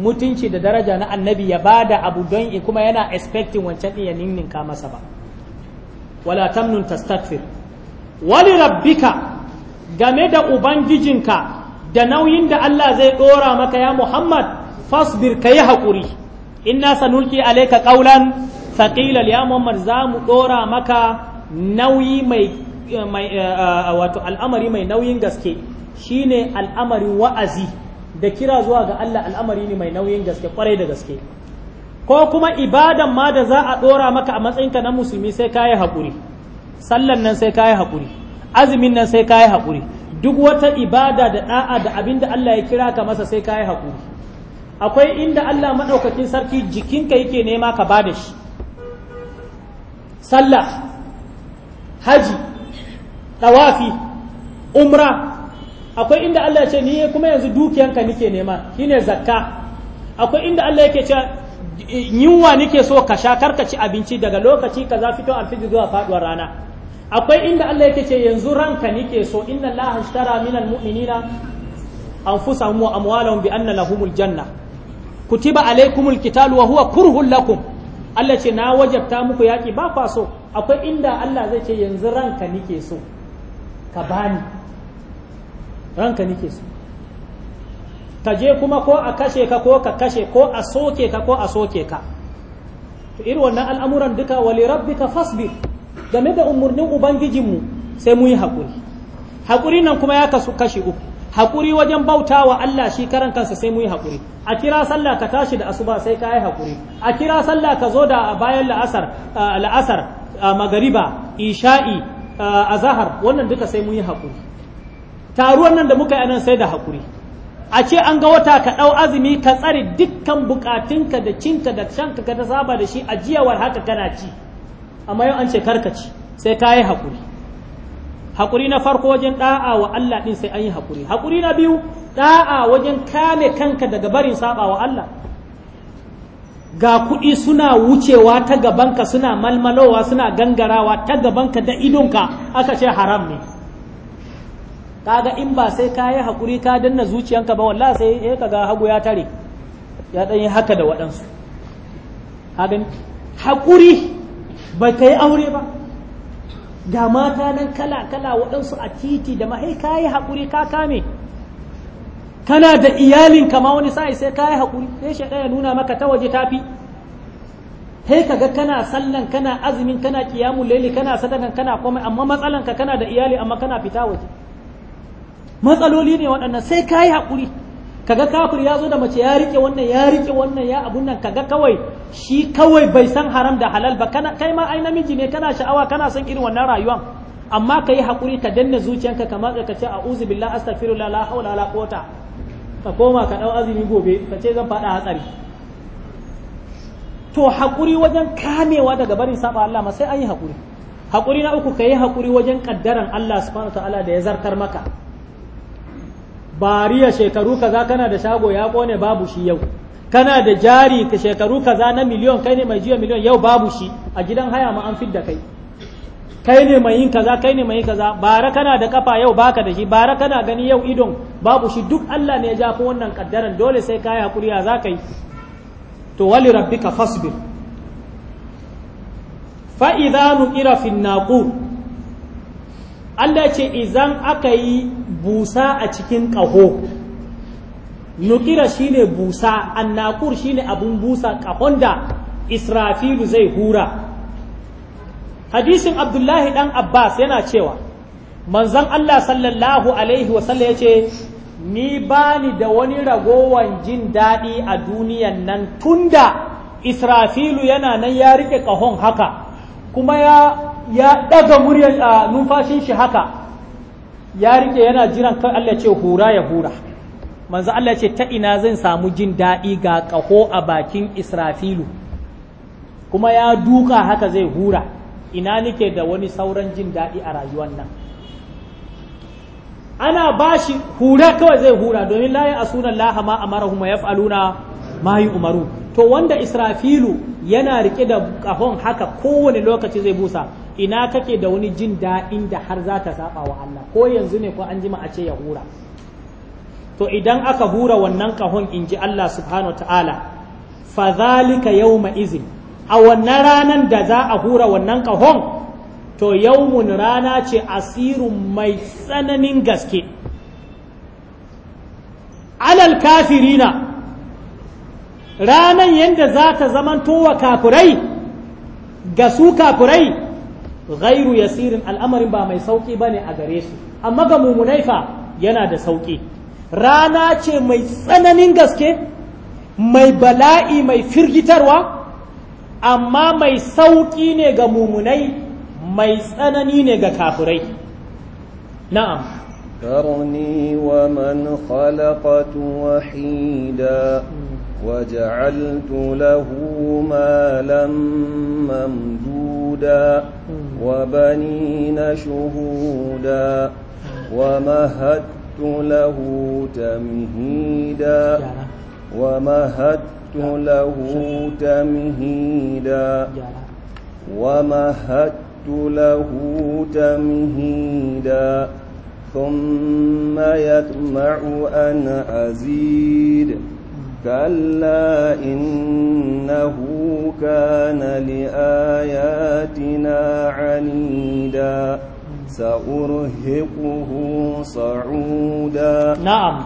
mutunci da daraja na annabi ya bada abu don in kuma yana expecting wancan iya ninninka masa ba wala tamnun tastaghfir wali rabbika game da ubangijinka da nauyin da Allah zai ɗora maka ya Muhammad fasbir kayi hakuri inna sanulki alayka qawlan thaqila ya Muhammad za mu ɗora maka nauyi mai eh, eh, wato al'amari mai nauyin gaske shine al'amarin wa'azi da kira zuwa ga Allah al'amari ne mai nauyin gaske kwarai da gaske ko kuma ibadan ma da za a ɗora maka a matsayinka na musulmi sai ka yi haƙuri sallan nan sai ka yi haƙuri azumin nan sai ka yi haƙuri duk wata ibada da ɗa'a da abin da Allah ya kira ka masa sai ka yi haƙuri akwai inda Allah maɗaukakin sarki jikinka yake nema ka ba da shi sallah haji ɗawafi umra akwai inda Allah ya ce ni kuma yanzu dukiyanka nike nema shine zakka akwai inda Allah yake cewa yunwa nike so ka sha karka ci abinci daga lokaci kaza fito alfiji zuwa faduwar rana akwai inda Allah yake ce yanzu ranka nike so inna Allah ashtara minal mu'minina anfusahum wa amwalahum bi anna lahumul janna kutiba alaikumul qitalu wa huwa kurhul lakum Allah ce na wajabta muku yaki ba kwa so akwai inda Allah zai ce yanzu ranka nike so ka bani ranka nike so ka je kuma ko a kashe ka ko ka kashe ko a soke ka ko a soke ka to irin wannan al'amuran duka wali rabbika fasbir game da umarnin ubangijinmu sai mu yi haƙuri haƙuri nan kuma ya kasu kashi uku haƙuri wajen bauta wa Allah shi karan kansa sai mu yi haƙuri a kira sallah ka tashi da asuba sai ka yi haƙuri a kira sallah ka zo da bayan la'asar la'asar magariba isha'i azahar wannan duka sai mu yi haƙuri taruwan nan da muka yi nan sai da hakuri a ce an ga wata ka ɗau azumi ka tsare dukkan bukatunka da cinka da shanka ka ta saba da shi a jiyawar haka kana ci amma yau an ce ci sai ka yi hakuri hakuri na farko wajen ɗa'a wa Allah ɗin sai an yi hakuri hakuri na biyu ɗa'a wajen kame kanka daga barin saba wa Allah ga kuɗi suna wucewa ta gabanka suna malmalowa suna gangarawa ta gabanka da idonka aka ce haram ne kaga in ba sai ka yi haƙuri ka danna zuciyanka ba wallah sai ya kaga hagu ya tare ya ɗan yi haka da waɗansu hagan haƙuri ba ka yi aure ba ga mata nan kala kala waɗansu a titi da ma ka yi haƙuri ka kame kana da iyalin kama wani sa'i sai ka yi haƙuri sai ya nuna maka ta waje tafi sai ka ga kana sallan kana azumin kana kiyamun laili kana sadakan kana komai amma matsalanka kana da iyali amma kana fita waje matsaloli ne waɗannan sai ka yi haƙuri kaga kafir ya zo da mace ya rike wannan ya rike wannan ya abun nan kaga kawai shi kawai bai san haram da halal ba kana kai ma ai namiji ne kana sha'awa kana son irin wannan rayuwar amma ka yi haƙuri ka danna zuciyanka ka matsa ka ce a'udhu billahi astaghfirullah la hawla wala quwwata ka koma ka dau azumi gobe ka ce zan fada hatsari to haƙuri wajen kamewa daga barin saba Allah ma sai an yi haƙuri haƙuri na uku ka yi haƙuri wajen kaddaran Allah subhanahu wa ta'ala da ya zartar maka bariya shekaru kaza kana da shago ya kone babu shi yau kana da jari ka shekaru kaza na miliyon kai ne mai jiya miliyon yau babu shi a gidan haya ma an fidda kai kai ne mai yin kaza kai ne mai yin kaza bara kana da kafa yau baka da shi bara kana gani yau idon babu shi duk Allah ne ya jafa wannan kaddaran dole sai kai hakuri ya zaka yi to wali rabbika fasbir fa idza nuqira fin naqur Allah ce idan aka yi busa a cikin ƙaho nukira shine busa annakur shine abun busa ƙahon da israfilu zai hura hadisin abdullahi dan abbas yana cewa manzan allah sallallahu alaihi wasallam ya ce ni bani da wani ragowan jin daɗi a duniyan nan tunda israfilu yana nan ya riƙe ƙahon haka kuma ya ɗaga muryar numfashin shi haka ya rike yana jiran kan Allah ce hura ya hura manzo Allah ce ta ina zan samu jin daɗi ga ƙaho a bakin Israfilu kuma ya duka haka zai hura ina nike da wani sauran jin daɗi a rayuwar nan ana bashi hura kawai zai hura domin la ya asuna Allah ma amarahum yaf'aluna ma Umaru, to wanda Israfilu yana rike da ƙahon haka kowane lokaci zai busa ina kake da wani jin daɗin da har za ta saba wa Allah ko yanzu ne ko an jima a ce ya hura to idan aka hura wannan kahon in ji Allah subhanahu wa ta'ala fa zalika yawma izin a wannan ranan da za a hura wannan kahon to yawmun rana ce asirin mai tsananin gaske alal kafirina ranan yadda za ta zamanto wa kafirai ga su kafurai. ghairu yasirin al'amarin ba mai sauki ne a gare su amma ga mumunai fa yana da sauƙi rana ce mai tsananin gaske mai bala'i mai firgitarwa amma mai sauƙi ne ga mumunai mai tsanani ne ga kafirai na'am ذرني ومن خلقت وحيدا وجعلت له مالا ممدودا وبنين شهودا ومهدت له تمهيدا ومهدت له تمهيدا ومهدت له تمهيدا ثم يطمع أن أزيد كلا إنه كان لآياتنا عنيدا سأرهقه صعودا نعم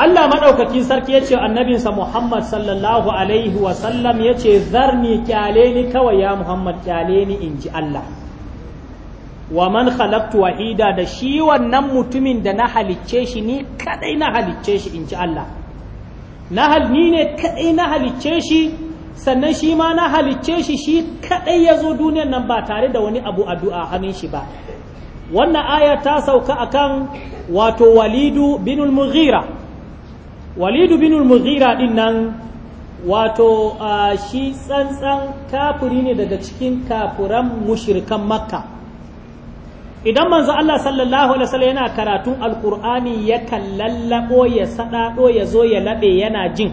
Allah maɗaukakin sarki ya ce annabinsa Muhammad sallallahu Alaihi wasallam ya ce zarni kyale ni kawai ya Muhammad kyale ni in ji Allah. Wa man khalaqtu wahida da shi wannan mutumin da na halicce shi ni kadai na halicce shi in ji Allah. na ni ne kadai na halicce shi sannan shi ma na halicce shi shi kadai ya zo duniyar nan ba tare da wani abu addu'a hannun shi ba wannan aya ta sauka akan wato walidu binul mughira walidu binul mughira din nan wato ah, shi tsantsan kafuri ne daga cikin kafuran mushirkan makka idan manzo Allah sallallahu alaihi wasallam yana karatun alkur'ani ya kallallabo ya sadado ya zo ya labe yana jin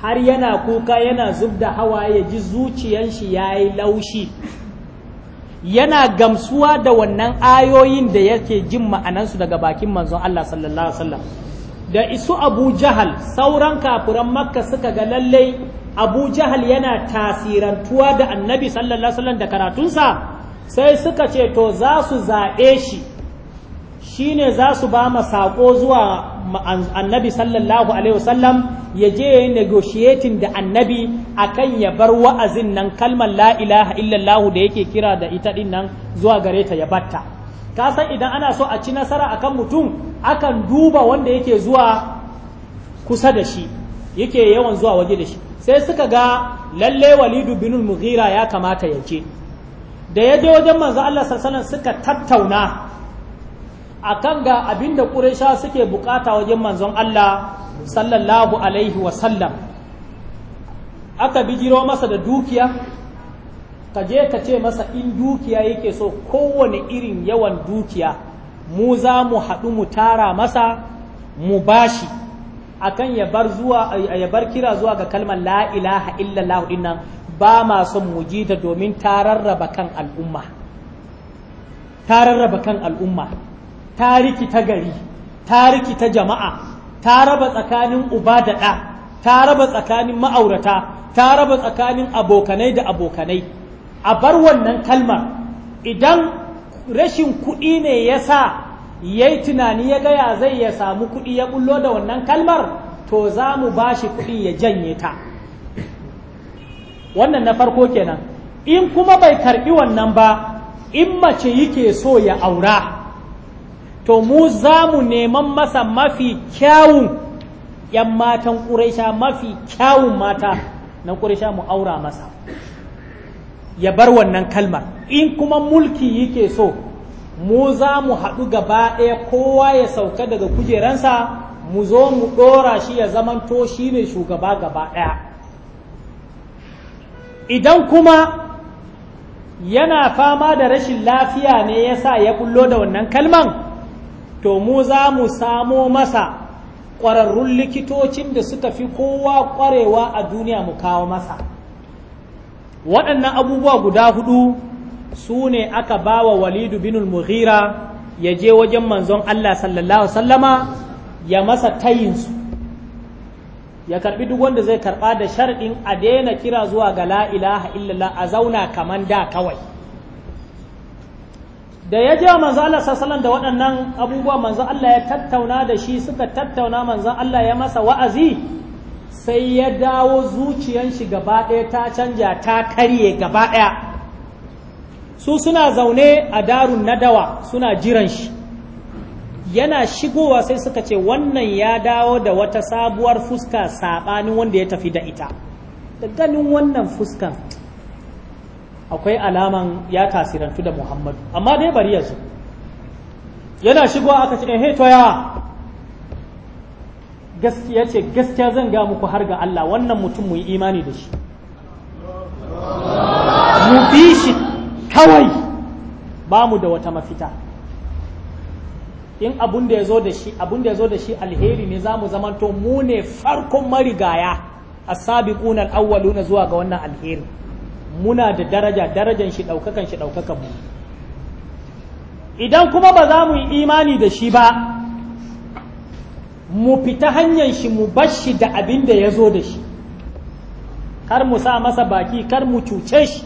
har yana kuka yana zubda hawa ya ji zuciyar shi yayi laushi yana gamsuwa da wannan ayoyin da yake jin ma'anansu daga bakin manzon Allah sallallahu alaihi wasallam da isu Abu Jahal sauran kafiran Makka suka ga lallai Abu Jahal yana tasirantuwa da Annabi sallallahu alaihi wasallam da karatunsa sai suka ce to za su zaɓe shi shi ne za su ba ma saƙo zuwa annabi sallallahu alaihi wasallam ya je negotiating da annabi a kan ya bar wa'azin nan kalmar la ilaha illallahu da yake kira da ita ɗin nan zuwa gare ta ya batta ka san idan ana so a ci nasara a kan mutum akan duba wanda yake zuwa kusa da shi yake yawan zuwa waje da shi sai suka ga lalle walidu binul mughira ya kamata ya ce da ya je wajen manzo Allah sallallahu suka tattauna akan ga abinda Quraysha suke bukata wajen manzon Allah sallallahu alaihi wa sallam aka bijiro masa da dukiya ka je ka ce masa in dukiya yake so kowane irin yawan dukiya mu za mu haɗu mu tara masa mu bashi akan ya bar zuwa ya bar kira zuwa ga kalmar la ilaha illallah dinnan ba ma son mu ji ta domin ta rarraba kan al'umma ta rarraba kan al'umma ta rikita gari ta rikita jama'a ta raba tsakanin uba da ɗa ta raba tsakanin ma'aurata ta raba tsakanin abokanai da abokanai a bar wannan kalmar idan rashin kuɗi ne ya sa ya yi tunani ya gaya zai ya samu kuɗi ya bullo da wannan kalmar to za mu ba shi kuɗi ya janye ta wannan na farko kenan in kuma bai karbi wannan ba in mace yake so ya aura to mu za mu neman masa mafi kyawun ‘yan matan ƙuraisha mafi kyawun mata na ƙuraisha mu aura masa ya bar wannan kalmar in kuma mulki yake so mu za mu haɗu gaba ɗaya kowa ya sauka daga kujeransa mu zo mu ɗora shi ya zamanto shi ne shugaba gaba ɗaya idan kuma yana fama da rashin lafiya ne ya sa ya bullo da wannan kalman to mu za mu samo masa ƙwararrun likitocin da suka fi kowa ƙwarewa a duniya mu kawo masa waɗannan abubuwa guda hudu su ne aka ba wa walidu binul muhira ya je wajen manzon Allah sallallahu sallama ya masa tayinsu ya karbi duk wanda zai karba da sharɗin a daina kira zuwa ga la ilaha illallah a zauna kaman da kawai da ya je manzo Allah sallallahu da waɗannan abubuwa manzo Allah ya tattauna da shi suka tattauna manzo Allah ya masa wa'azi sai ya dawo zuciyan shi gaba ɗaya ta canja ta karye gaba ɗaya su suna zaune a darun nadawa suna jiran shi yana shigowa sai suka ce wannan ya dawo da wata sabuwar fuska saɓanin wanda ya tafi da ita da ganin wannan fuskan akwai alaman ya tasirantu da muhammadu amma dai bari yanzu yana shigowa aka cikin ya? gaskiya ce gaskiya zan ga muku har ga Allah wannan mutum mu yi imani da shi mu bi shi kawai ba mu da wata mafita in abun da ya zo da shi abun da zo da shi alheri ne zamu mu zamanto mu ne farkon marigaya a sabiƙunan awwaluna zuwa ga wannan alheri muna da daraja darajan shi ɗaukakan shi ɗaukakan mu idan kuma ba za yi imani da shi ba mu fita hanyar shi mu bar da abin da ya zo da shi kar mu sa masa baki kar mu cuce shi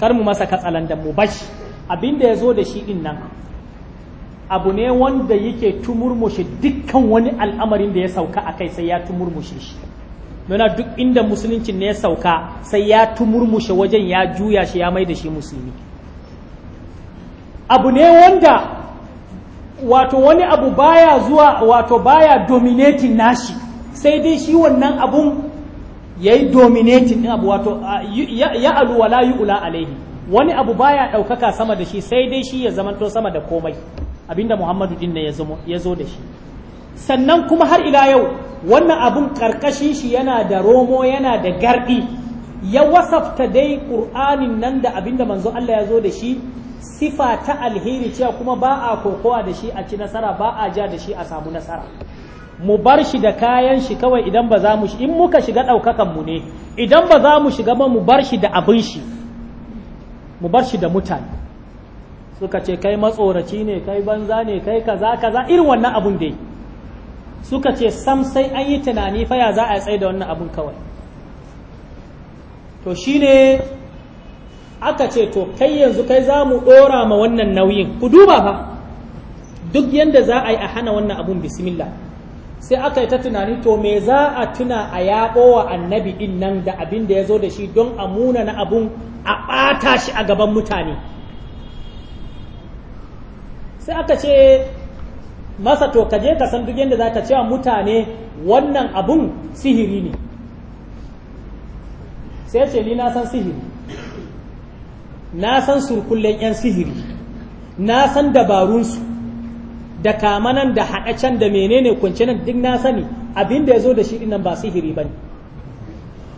kar mu masa katsalandan mu bar shi abin da ya zo da shi din nan abu ne wanda yake tumurmushe dukkan wani al'amarin da ya sauka a kai sai ya tumurmushe shi nuna duk inda musuluncin ne ya sauka sai ya tumurmushe wajen ya juya shi ya mai da shi musulmi abu ne wanda wato wani abu baya zuwa wato baya dominating nashi sai dai shi wannan abun ya yi dominating din abu wato ya aluwa wala ula alaihi wani abu baya ɗaukaka sama da shi sai dai shi ya zamanto sama da komai abinda muhammadu din ya zo da shi sannan kuma har ila yau wannan abun karkashin shi yana da romo yana da gardi ya wasafta dai ƙur'anin nan da abinda manzo Allah ya zo da shi sifa ta alheri cewa kuma ba a kokowa da shi a ci nasara ba a ja da shi a samu nasara mu bar shi da kayan shi kawai idan ba za mu in muka shiga ɗaukakan mu ne idan ba za mu shiga ba mu bar shi da abin shi mu bar shi da mutane suka ce kai matsoraci ne kai banza ne kai kaza kaza irin wannan abun dai suka ce sam sai an yi tunani faya za a tsaye da wannan abun kawai to shine aka ce to kai yanzu kai za mu ɗora ma wannan nauyin ku duba fa duk yadda za a yi a hana wannan abun bismillah sai aka yi ta tunani to me za a tuna a yaɓo wa annabi din nan da abin da ya zo da shi don a muna na abun a ɓata shi a gaban mutane sai aka ce masa to ka je ka san duk yadda za ka cewa mutane wannan abun sihiri ne sai ce ni na san sihiri na san surkullen 'yan sihiri na san dabarunsu da kamanan da haɗacen da menene kunce nan duk na sani abin da ya zo da shi nan ba sihiri ba ne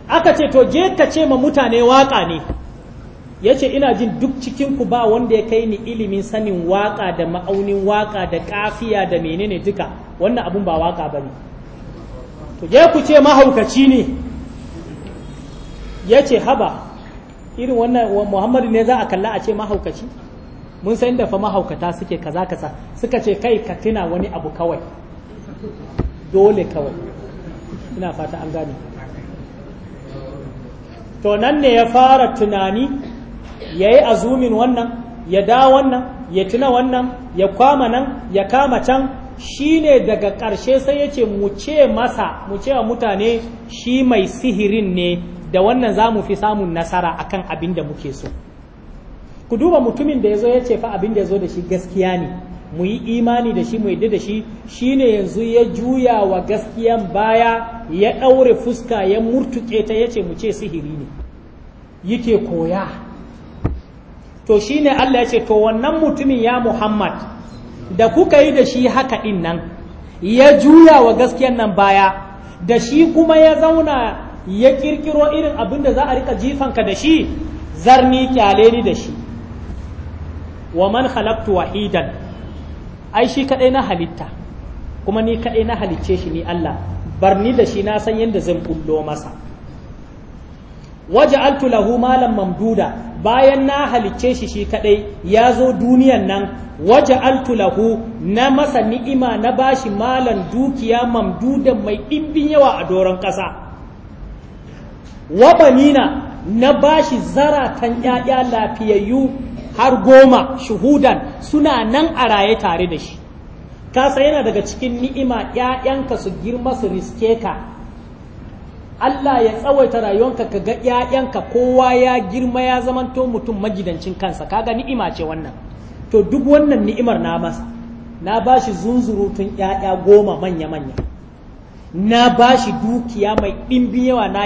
aka ce to je ka ce ma mutane waƙa ne ya ce ina jin duk cikinku ba wanda ya kai ni ilimin sanin waka da ma'aunin waka da kafiya da menene duka wannan abun ba waka ba ne to je ku ce mahaukaci ne ya ce haba irin wannan muhammadu ne za a kalla a ce mahaukaci mun san da fa mahaukata suke kaza kaza suka ce kai ka tuna wani abu kawai dole kawai ina fata an gane to nan ne ya fara tunani ya yi azumin wannan ya da wannan ya tuna wannan ya kwama nan ya kama can shi ne daga ƙarshe sai ya ce mu ce masa mu ce wa mutane shi mai sihirin ne da wannan za mu fi samun nasara a kan abin da muke so ku duba mutumin da ya zo ya ce fa abin da ya zo da shi gaskiya ne mu yi imani da shi mu yadda da shi shi ne yanzu ya juya wa gaskiya baya ya ɗaure fuska ya murtuke ta ya ce mu ce sihiri ne yake koya to shi ne Allah ya ce to wannan mutumin ya Muhammad da kuka yi da shi haka din nan ya juya wa gaskiyan nan baya da shi kuma ya zauna ya kirkiro irin abin da za a riƙa jifanka da shi zarni kyale ni da shi wa man khalaqtu wahidan ai shi kaɗai na halitta kuma ni kaɗai na halicce shi ni Allah bar ni da shi na san yadda zan kullo masa waje lahu malan mamduda bayan na halicce shi shi kadai ya zo duniyan nan waje lahu na masa ni'ima na bashi malam dukiya mamduda mai ɗimbin yawa a doron ƙasa wa banina na bashi zaratan ya'ya lafiyayyu har goma shuhudan suna nan a raye tare da shi kasa yana daga cikin ni'ima ƴaƴanka su girma su riske ka Allah ya tsawaita rayuwanka ka ga ‘ya'yanka kowa ya girma ya zamanto mutum magidancin kansa kaga ni'ima ce wannan to duk wannan ni'imar na masa na bashi shi zunzurutun ‘ya'ya goma manya-manya na bashi dukiya mai ɗimbin yawa na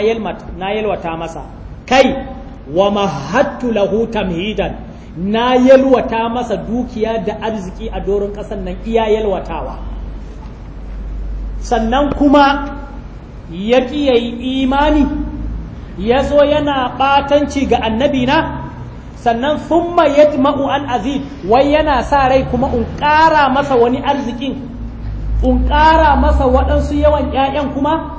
yalwata masa kai wa mahattu lahu tamhidan na yalwata masa dukiya da arziki a doron ƙasar nan iya yalwatawa sannan kuma ya ƙi yi imani ya zo yana ɓatanci ga annabi na sannan sun ma'u an azid wai yana sa rai kuma in ƙara masa wani arzikin in ƙara masa waɗansu yawan ƴaƴan kuma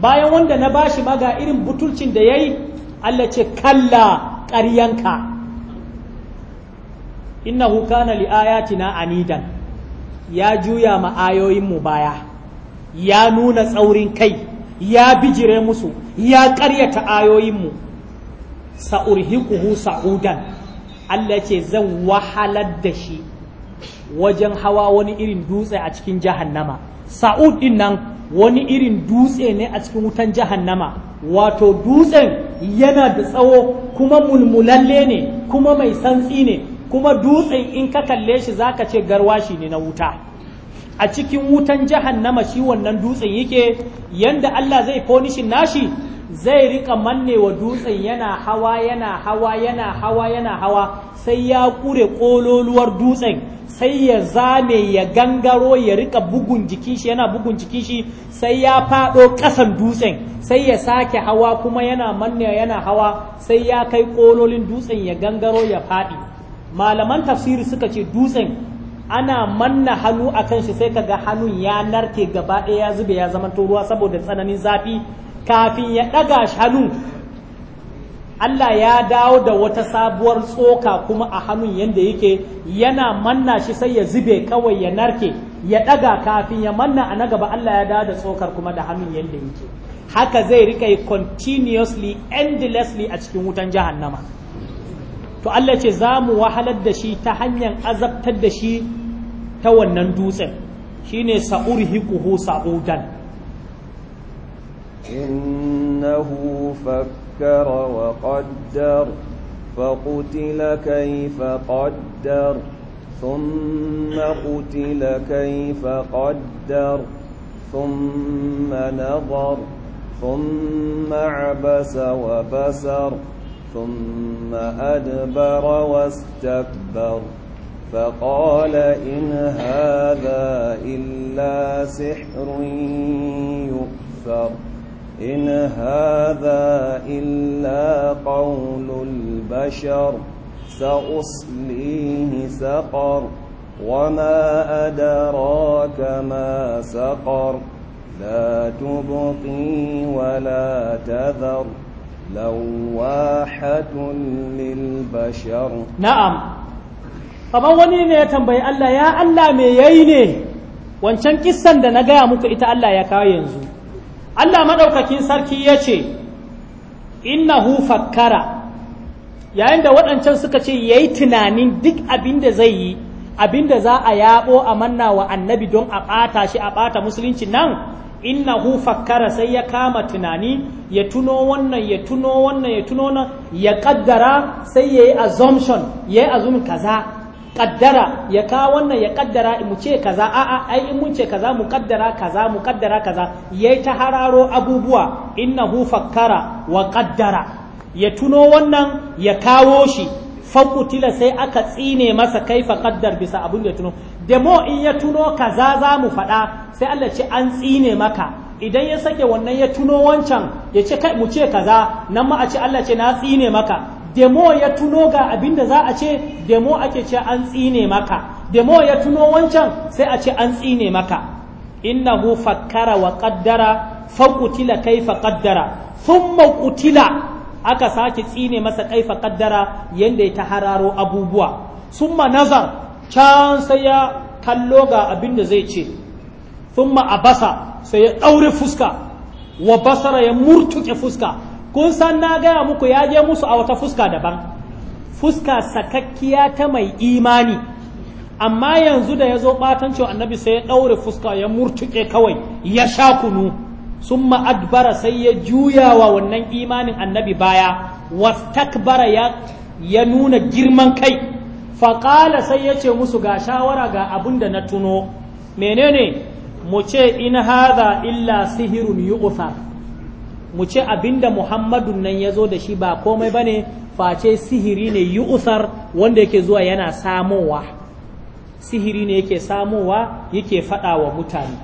bayan wanda na bashi ma ga irin butulcin da ya yi, Allah ce kalla ƙaryanka innahu kana li ayatina anidan ya juya ma ayoyinmu baya ya nuna tsaurin kai ya bijire musu ya ƙaryata ayoyinmu sa'urhiquhu sa'udan Allah ce zan wahalar da shi wajen hawa wani irin dutse a cikin jahannama sa'ud din nan wani irin dutse ne a cikin wutan jahannama wato dutsen yana da tsawo kuma mulmulalle ne kuma mai santsi ne kuma dutsen in ka kalle shi zaka ce garwashi ne na wuta a cikin wutan jahannama shi wannan dutsen yake yanda Allah zai ponishin nashi zai rika mannewa dutsen yana hawa yana hawa yana hawa yana hawa sai ya kure ƙololuwar dutsen sai ya zame ya gangaro ya rika bugun jikin shi yana bugun jikin shi sai ya faɗo ƙasan dutsen sai ya sake hawa kuma yana mannewa yana hawa sai ya kai ƙololin dutsen ya gangaro ya faɗi. malaman tafsiri suka ce dutsen ana manna hannu a kan shi sai kaga hannun ya narke gaba ɗaya ya zube ya zama ruwa saboda tsananin zafi kafin ya ɗaga hannu, Allah ya dawo da wata sabuwar tsoka kuma a hannun yadda yake yana manna shi sai ya zube kawai ya narke ya ɗaga kafin ya manna a na gaba Allah ya dawo da tsokar kuma da hannun yadda yake haka zai rika yi continuously endlessly a cikin wutan nama. to Allah ce za mu wahalar da shi ta hanyar azabtar da shi ta wannan dutsen shine sa'ur hikuhu sa'udan innahu fakkara wa qaddar kayfa qaddar thumma qutila kayfa qaddar thumma ثم thumma abasa wa basar ثم أدبر واستكبر فقال إن هذا إلا سحر يؤثر إن هذا إلا قول البشر سأصليه سقر وما أدراك ما سقر لا تبقي ولا تذر لواحة للبشر نعم kamar wani ne ya tambayi Allah ya Allah me yayi ne wancan kissan da na gaya muku ita Allah ya kawo yanzu Allah maɗaukakin sarki ya ce innahu fakkara yayin da waɗancan suka ce ya yi tunanin duk abin da zai yi abin da za a yaɓo a manna wa annabi don a ɓata shi a ɓata musulunci nan innahu fakkara sai ya kama tunani ya tuno wannan ya tuno wannan ya tuno wannan. ya kaddara sai ya yi assumption ya yi azumin kaza kaddara ya kawo wannan ya kaddara mu ce kaza a'a ai in mun ce kaza mu kaddara kaza mu kaddara kaza yayi ta hararo abubuwa innahu fakkara wa kaddara ya tuno wannan ya kawo shi fakutila sai aka tsine masa kaifa kaddar bisa abun da tuno demo in ya tuno kaza za mu faɗa sai Allah ce an tsine maka idan ya sake wannan ya tuno wancan ya ce kai mu ce kaza nan ma a ce Allah ce na tsine maka demo ya tuno ga abin da za a ce demo ake ce an tsine maka demo ya tuno wancan sai a ce an tsine maka innahu fakkara wa qaddara fa qutila kaifa qaddara thumma qutila aka sake tsine masa kaifa qaddara yanda ya hararo abubuwa summa nazar can sai ya kallo ga abin da zai ce thumma abasa sai ya daure fuska wa basara ya murtuke fuska kun san na gaya muku ya je musu a wata fuska daban fuska sakakkiya ta mai imani amma yanzu da ya zo ɓatanci annabi sai ya ɗaure fuska ya murtuke kawai ya sha kunu sun ma'adbara sai ya juya wa wannan imanin annabi baya wastakbara ya ya nuna girman kai faƙala sai ya ce musu ga shawara ga abin da na tuno menene mu ce in haza illa sihirun yu'thar mu ce abinda muhammadun nan ya zo da shi ba komai ba ne face sihiri ne yi usar wanda yake zuwa yana samowa sihiri ne yake samowa yake faɗa wa mutane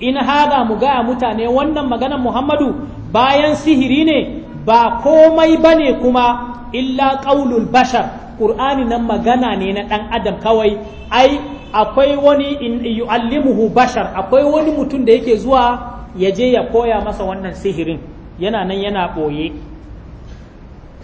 in hada mu gaya mutane wannan maganar muhammadu bayan sihiri ne ba komai ba ne kuma illa ƙaulul bashar Ƙur'ani nan magana ne na ɗan adam kawai ai akwai wani in yu'allimuhu bashar akwai wani mutum da yake zuwa ya je ya koya masa wannan sihirin yana nan yana ɓoye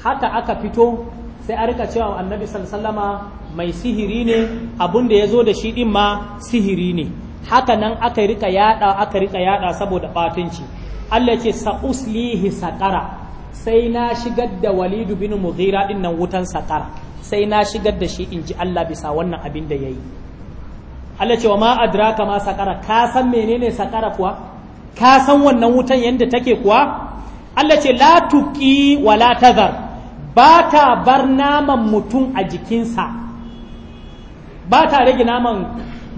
haka aka fito sai a rika cewa annabi sallama mai sihiri ne abun da ya zo da shi ɗin ma sihiri ne haka nan aka rika yada aka rika yada saboda batunci Allah ce uslihi saƙara sai na shigar da Walidu bin Mughira ɗinnan nan wutan saƙara sai na shigar da shi in ji Allah bisa wannan abin da ya yi Allah ce wa ma adraka ma saƙara ka san menene saƙara kuwa ka san wannan wutan yadda take kuwa Allah ce la tuki wa la tazar ba ta bar naman mutum a jikinsa ba ta rage naman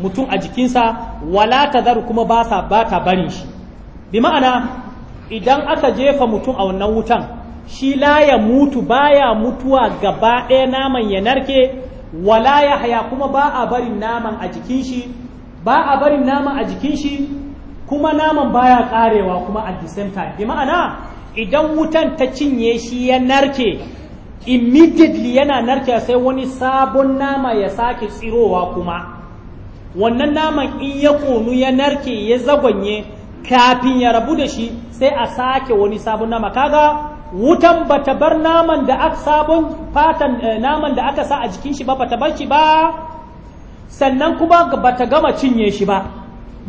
mutum a jikinsa wala tazar kuma ba sa ba ta barin shi bi ma'ana idan aka jefa mutum a wannan wutan shi la ya mutu baya mutuwa gaba ɗaya naman ya narke wala ya haya kuma ba a barin naman a jikin shi ba a barin naman a jikin shi kuma naman baya karewa kuma at the same time bi ma'ana idan wutan ta cinye shi ya narke immediately yana narke sai wani sabon nama ya sake tsirowa kuma wannan naman in ya konu ya narke ya zagonye kafin ya rabu da shi sai a sake wani sabon nama kaga wutan bata bar naman da aka sabon fatan eh, naman da aka sa a jikin shi ba bata bar shi ba sannan kuma bata gama cinye shi ba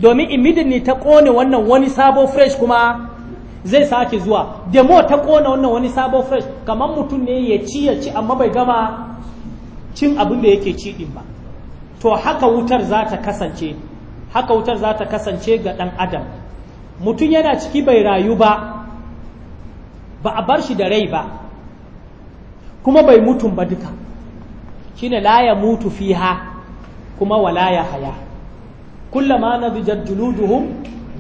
domin immediately ta kone wannan wani sabo fresh kuma zai sake zuwa demo ta kone wannan wani sabo fresh kamar mutum ne ya ci ya ci amma bai gama cin abin da yake ci din ba to haka wutar za ta kasance haka wutar za ta kasance ga ɗan adam mutum yana ciki bai rayu ba ba a bar shi da rai ba kuma bai mutum ba duka shine la ya mutu fiha kuma wala ya haya kullama nadijat juluduhum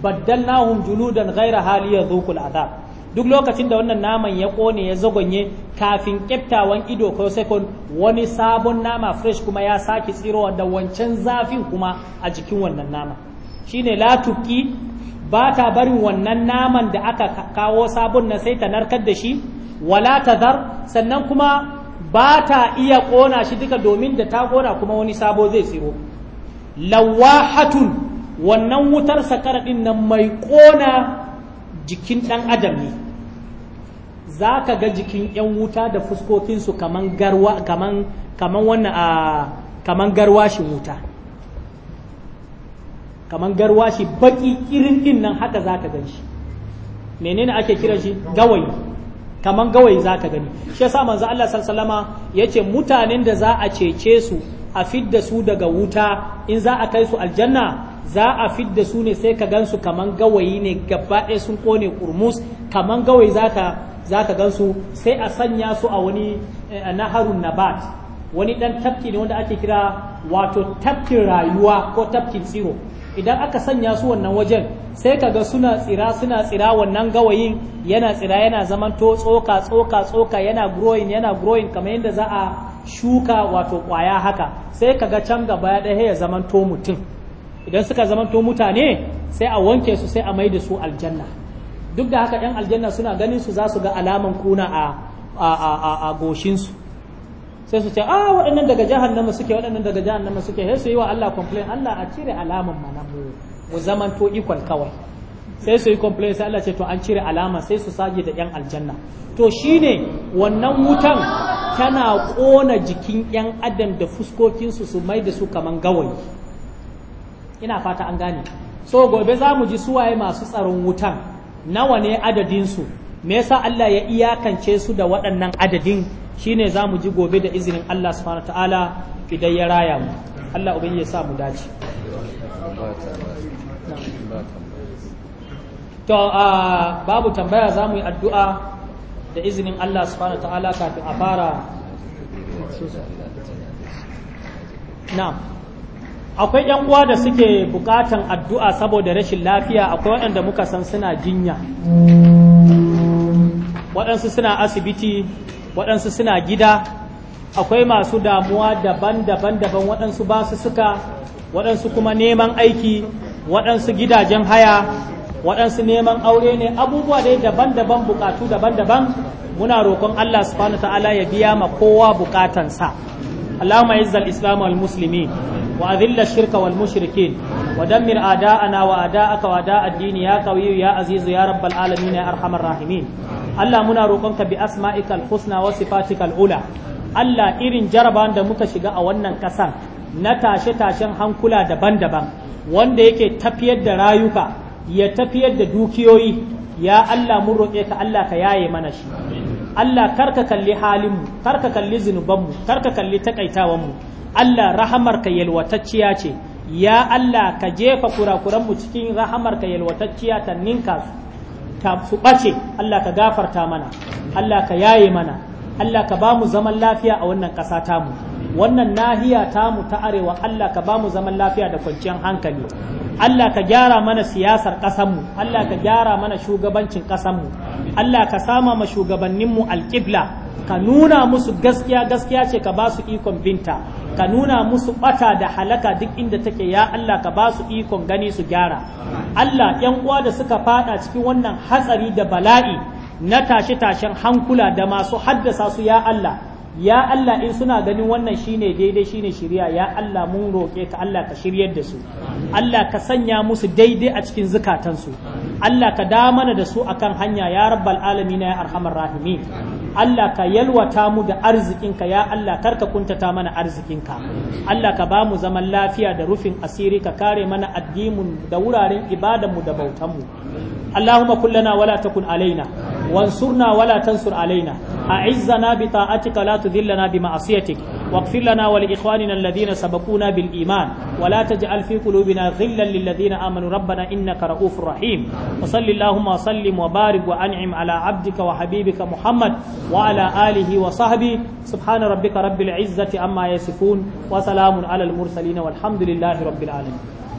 baddalnahum juludan gaira hali yadhuqul adhab duk lokacin da wannan naman ya kone ya zagonye kafin kyaftawan ido ko second wani sabon nama fresh kuma ya sake tsirowa da wancan zafin kuma a jikin wannan nama shine la tuki ba ta barin wannan naman da aka kawo sabon na sai ta narkar da shi wala zar sannan kuma ba ta iya kona shi duka domin da ta kona kuma wani sabo zai tsiro lawahatun wannan wutar sakar ɗin nan mai ƙona jikin ɗan adam ne za ka ga jikin 'yan wuta da fuskokinsu kaman garwa kaman kaman wannan a kaman garwashin wuta kaman garwashi baki irin ɗin nan haka za ka gan shi menene ake kiran shi gawayi kaman gawayi za ka gani shi yasa manzo Allah sallallahu alaihi wasallama yace mutanen da za a cece su a fidda su daga wuta in za a kai su aljanna za a fidda su ne sai ka gansu kaman gawayi ne gaba ɗaya sun kone kurmus kaman gawayi zaka zaka gansu sai a sanya su a wani eh, naharun nabat wani dan tafki ne wanda ake kira wato tafkin rayuwa ko tafkin tsiro idan aka sanya su wannan wajen sai ka kaga suna tsira suna tsira wannan gawayin yana tsira yana zaman tsoka tsoka tsoka yana growing yana growing kamar yadda za a shuka wato kwaya haka sai kaga can gaba ɗaya ya zamanto mutum idan suka zamanto mutane sai a wanke su sai a mai da su aljanna duk da haka yan aljanna suna ganin su za su ga alaman kuna a a goshinsu sai su ce a ah, waɗannan daga jahannama suke waɗannan daga jahannama suke sai su yi wa Allah complain Allah a cire alaman mana mu zamanto ikon kawai sai su yi complain sai Allah ce to an cire alama sai su sage da yan aljanna to shine wannan wutan tana kona jikin yan adam da fuskokinsu su mai da su kaman gawayi ina fata an gane so gobe za mu ji waye masu tsaron wutan nawa ne adadinsu me yasa Allah ya iyakance su da waɗannan adadin shine za mu ji gobe da izinin Allah subhanahu ta'ala idan ya raya mu Allah ubangiji ya sa mu dace to babu tambaya za mu yi addu'a da izinin Allah subhanahu wa ta'ala kafin a fara na'am akwai yan uwa da suke bukatan addu'a saboda rashin lafiya akwai waɗanda muka san suna jinya waɗansu suna asibiti waɗansu suna gida akwai masu damuwa daban-daban daban waɗansu su suka waɗansu kuma neman aiki waɗansu gidajen haya waɗansu neman aure ne abubuwa dai daban-daban bukatu daban-daban muna roƙon Allah subhanahu ta'ala ya biya ma kowa bukatansa Allahumma izzal islam wal muslimin wa shirka wal mushrikin wa dammir a'da'ana wa a'da'aka wa da'a ad-din ya qawiyyu ya azizu ya rabbal alamin ya arhamar rahimin Allah muna roƙonka bi asma'ikal husna wa ula Allah irin jarabawan da muka shiga a wannan ƙasan na tashe-tashen hankula daban-daban wanda yake tafiyar da rayuka ya tafiyar da dukiyoyi ya Allah mun roƙe ka Allah ka yaye mana shi Allah karka kalli halinmu karka kalli zunubanmu karka kalli takaitawanmu Allah ka yalwatacciya ce ya Allah ka jefa kurakuranmu cikin ka yalwatacciya ta ninka su ta su ɓace Allah ka gafarta mana Allah ka yaye mana Allah ka ba mu zaman lafiya a wannan ƙasa tamu wannan nahiya ta mu ta arewa Allah ka ba mu zaman lafiya da kwanciyar hankali Allah ka gyara mana siyasar mu Allah ka gyara mana shugabancin ƙasarmu Allah ka sama ma shugabanninmu alƙibla ka nuna musu gaskiya gaskiya ce ka ba su ikon binta ka nuna musu bata da halaka duk inda take ya Allah ka ba su ikon gani su gyara Allah yan uwa da suka fada cikin wannan hatsari da bala'i na tashe-tashen hankula da masu haddasa su ya Allah ya Allah in suna ganin wannan shine daidai shine shirya ya Allah mun roƙe ka Allah ka shiryar da su Allah ka sanya musu daidai a cikin zukatansu Allah ka mana da su akan hanya ya rabbal na ya arhamar rahimin Allah ka yalwata mu da arzikinka ya Allah kar ka kuntata mana arzikinka Allah ka ba mu zaman lafiya da rufin asiri ka kare mana addimin da wuraren ibadanmu da bautanmu Allahumma kullana wala takun alaina wansurna wala tansur alaina أعزنا بطاعتك لا تذلنا بمعصيتك واغفر لنا ولإخواننا الذين سبقونا بالإيمان ولا تجعل في قلوبنا غلا للذين آمنوا ربنا إنك رؤوف رحيم وصل اللهم وسلم وبارك وأنعم على عبدك وحبيبك محمد وعلى آله وصحبه سبحان ربك رب العزة عما يصفون وسلام على المرسلين والحمد لله رب العالمين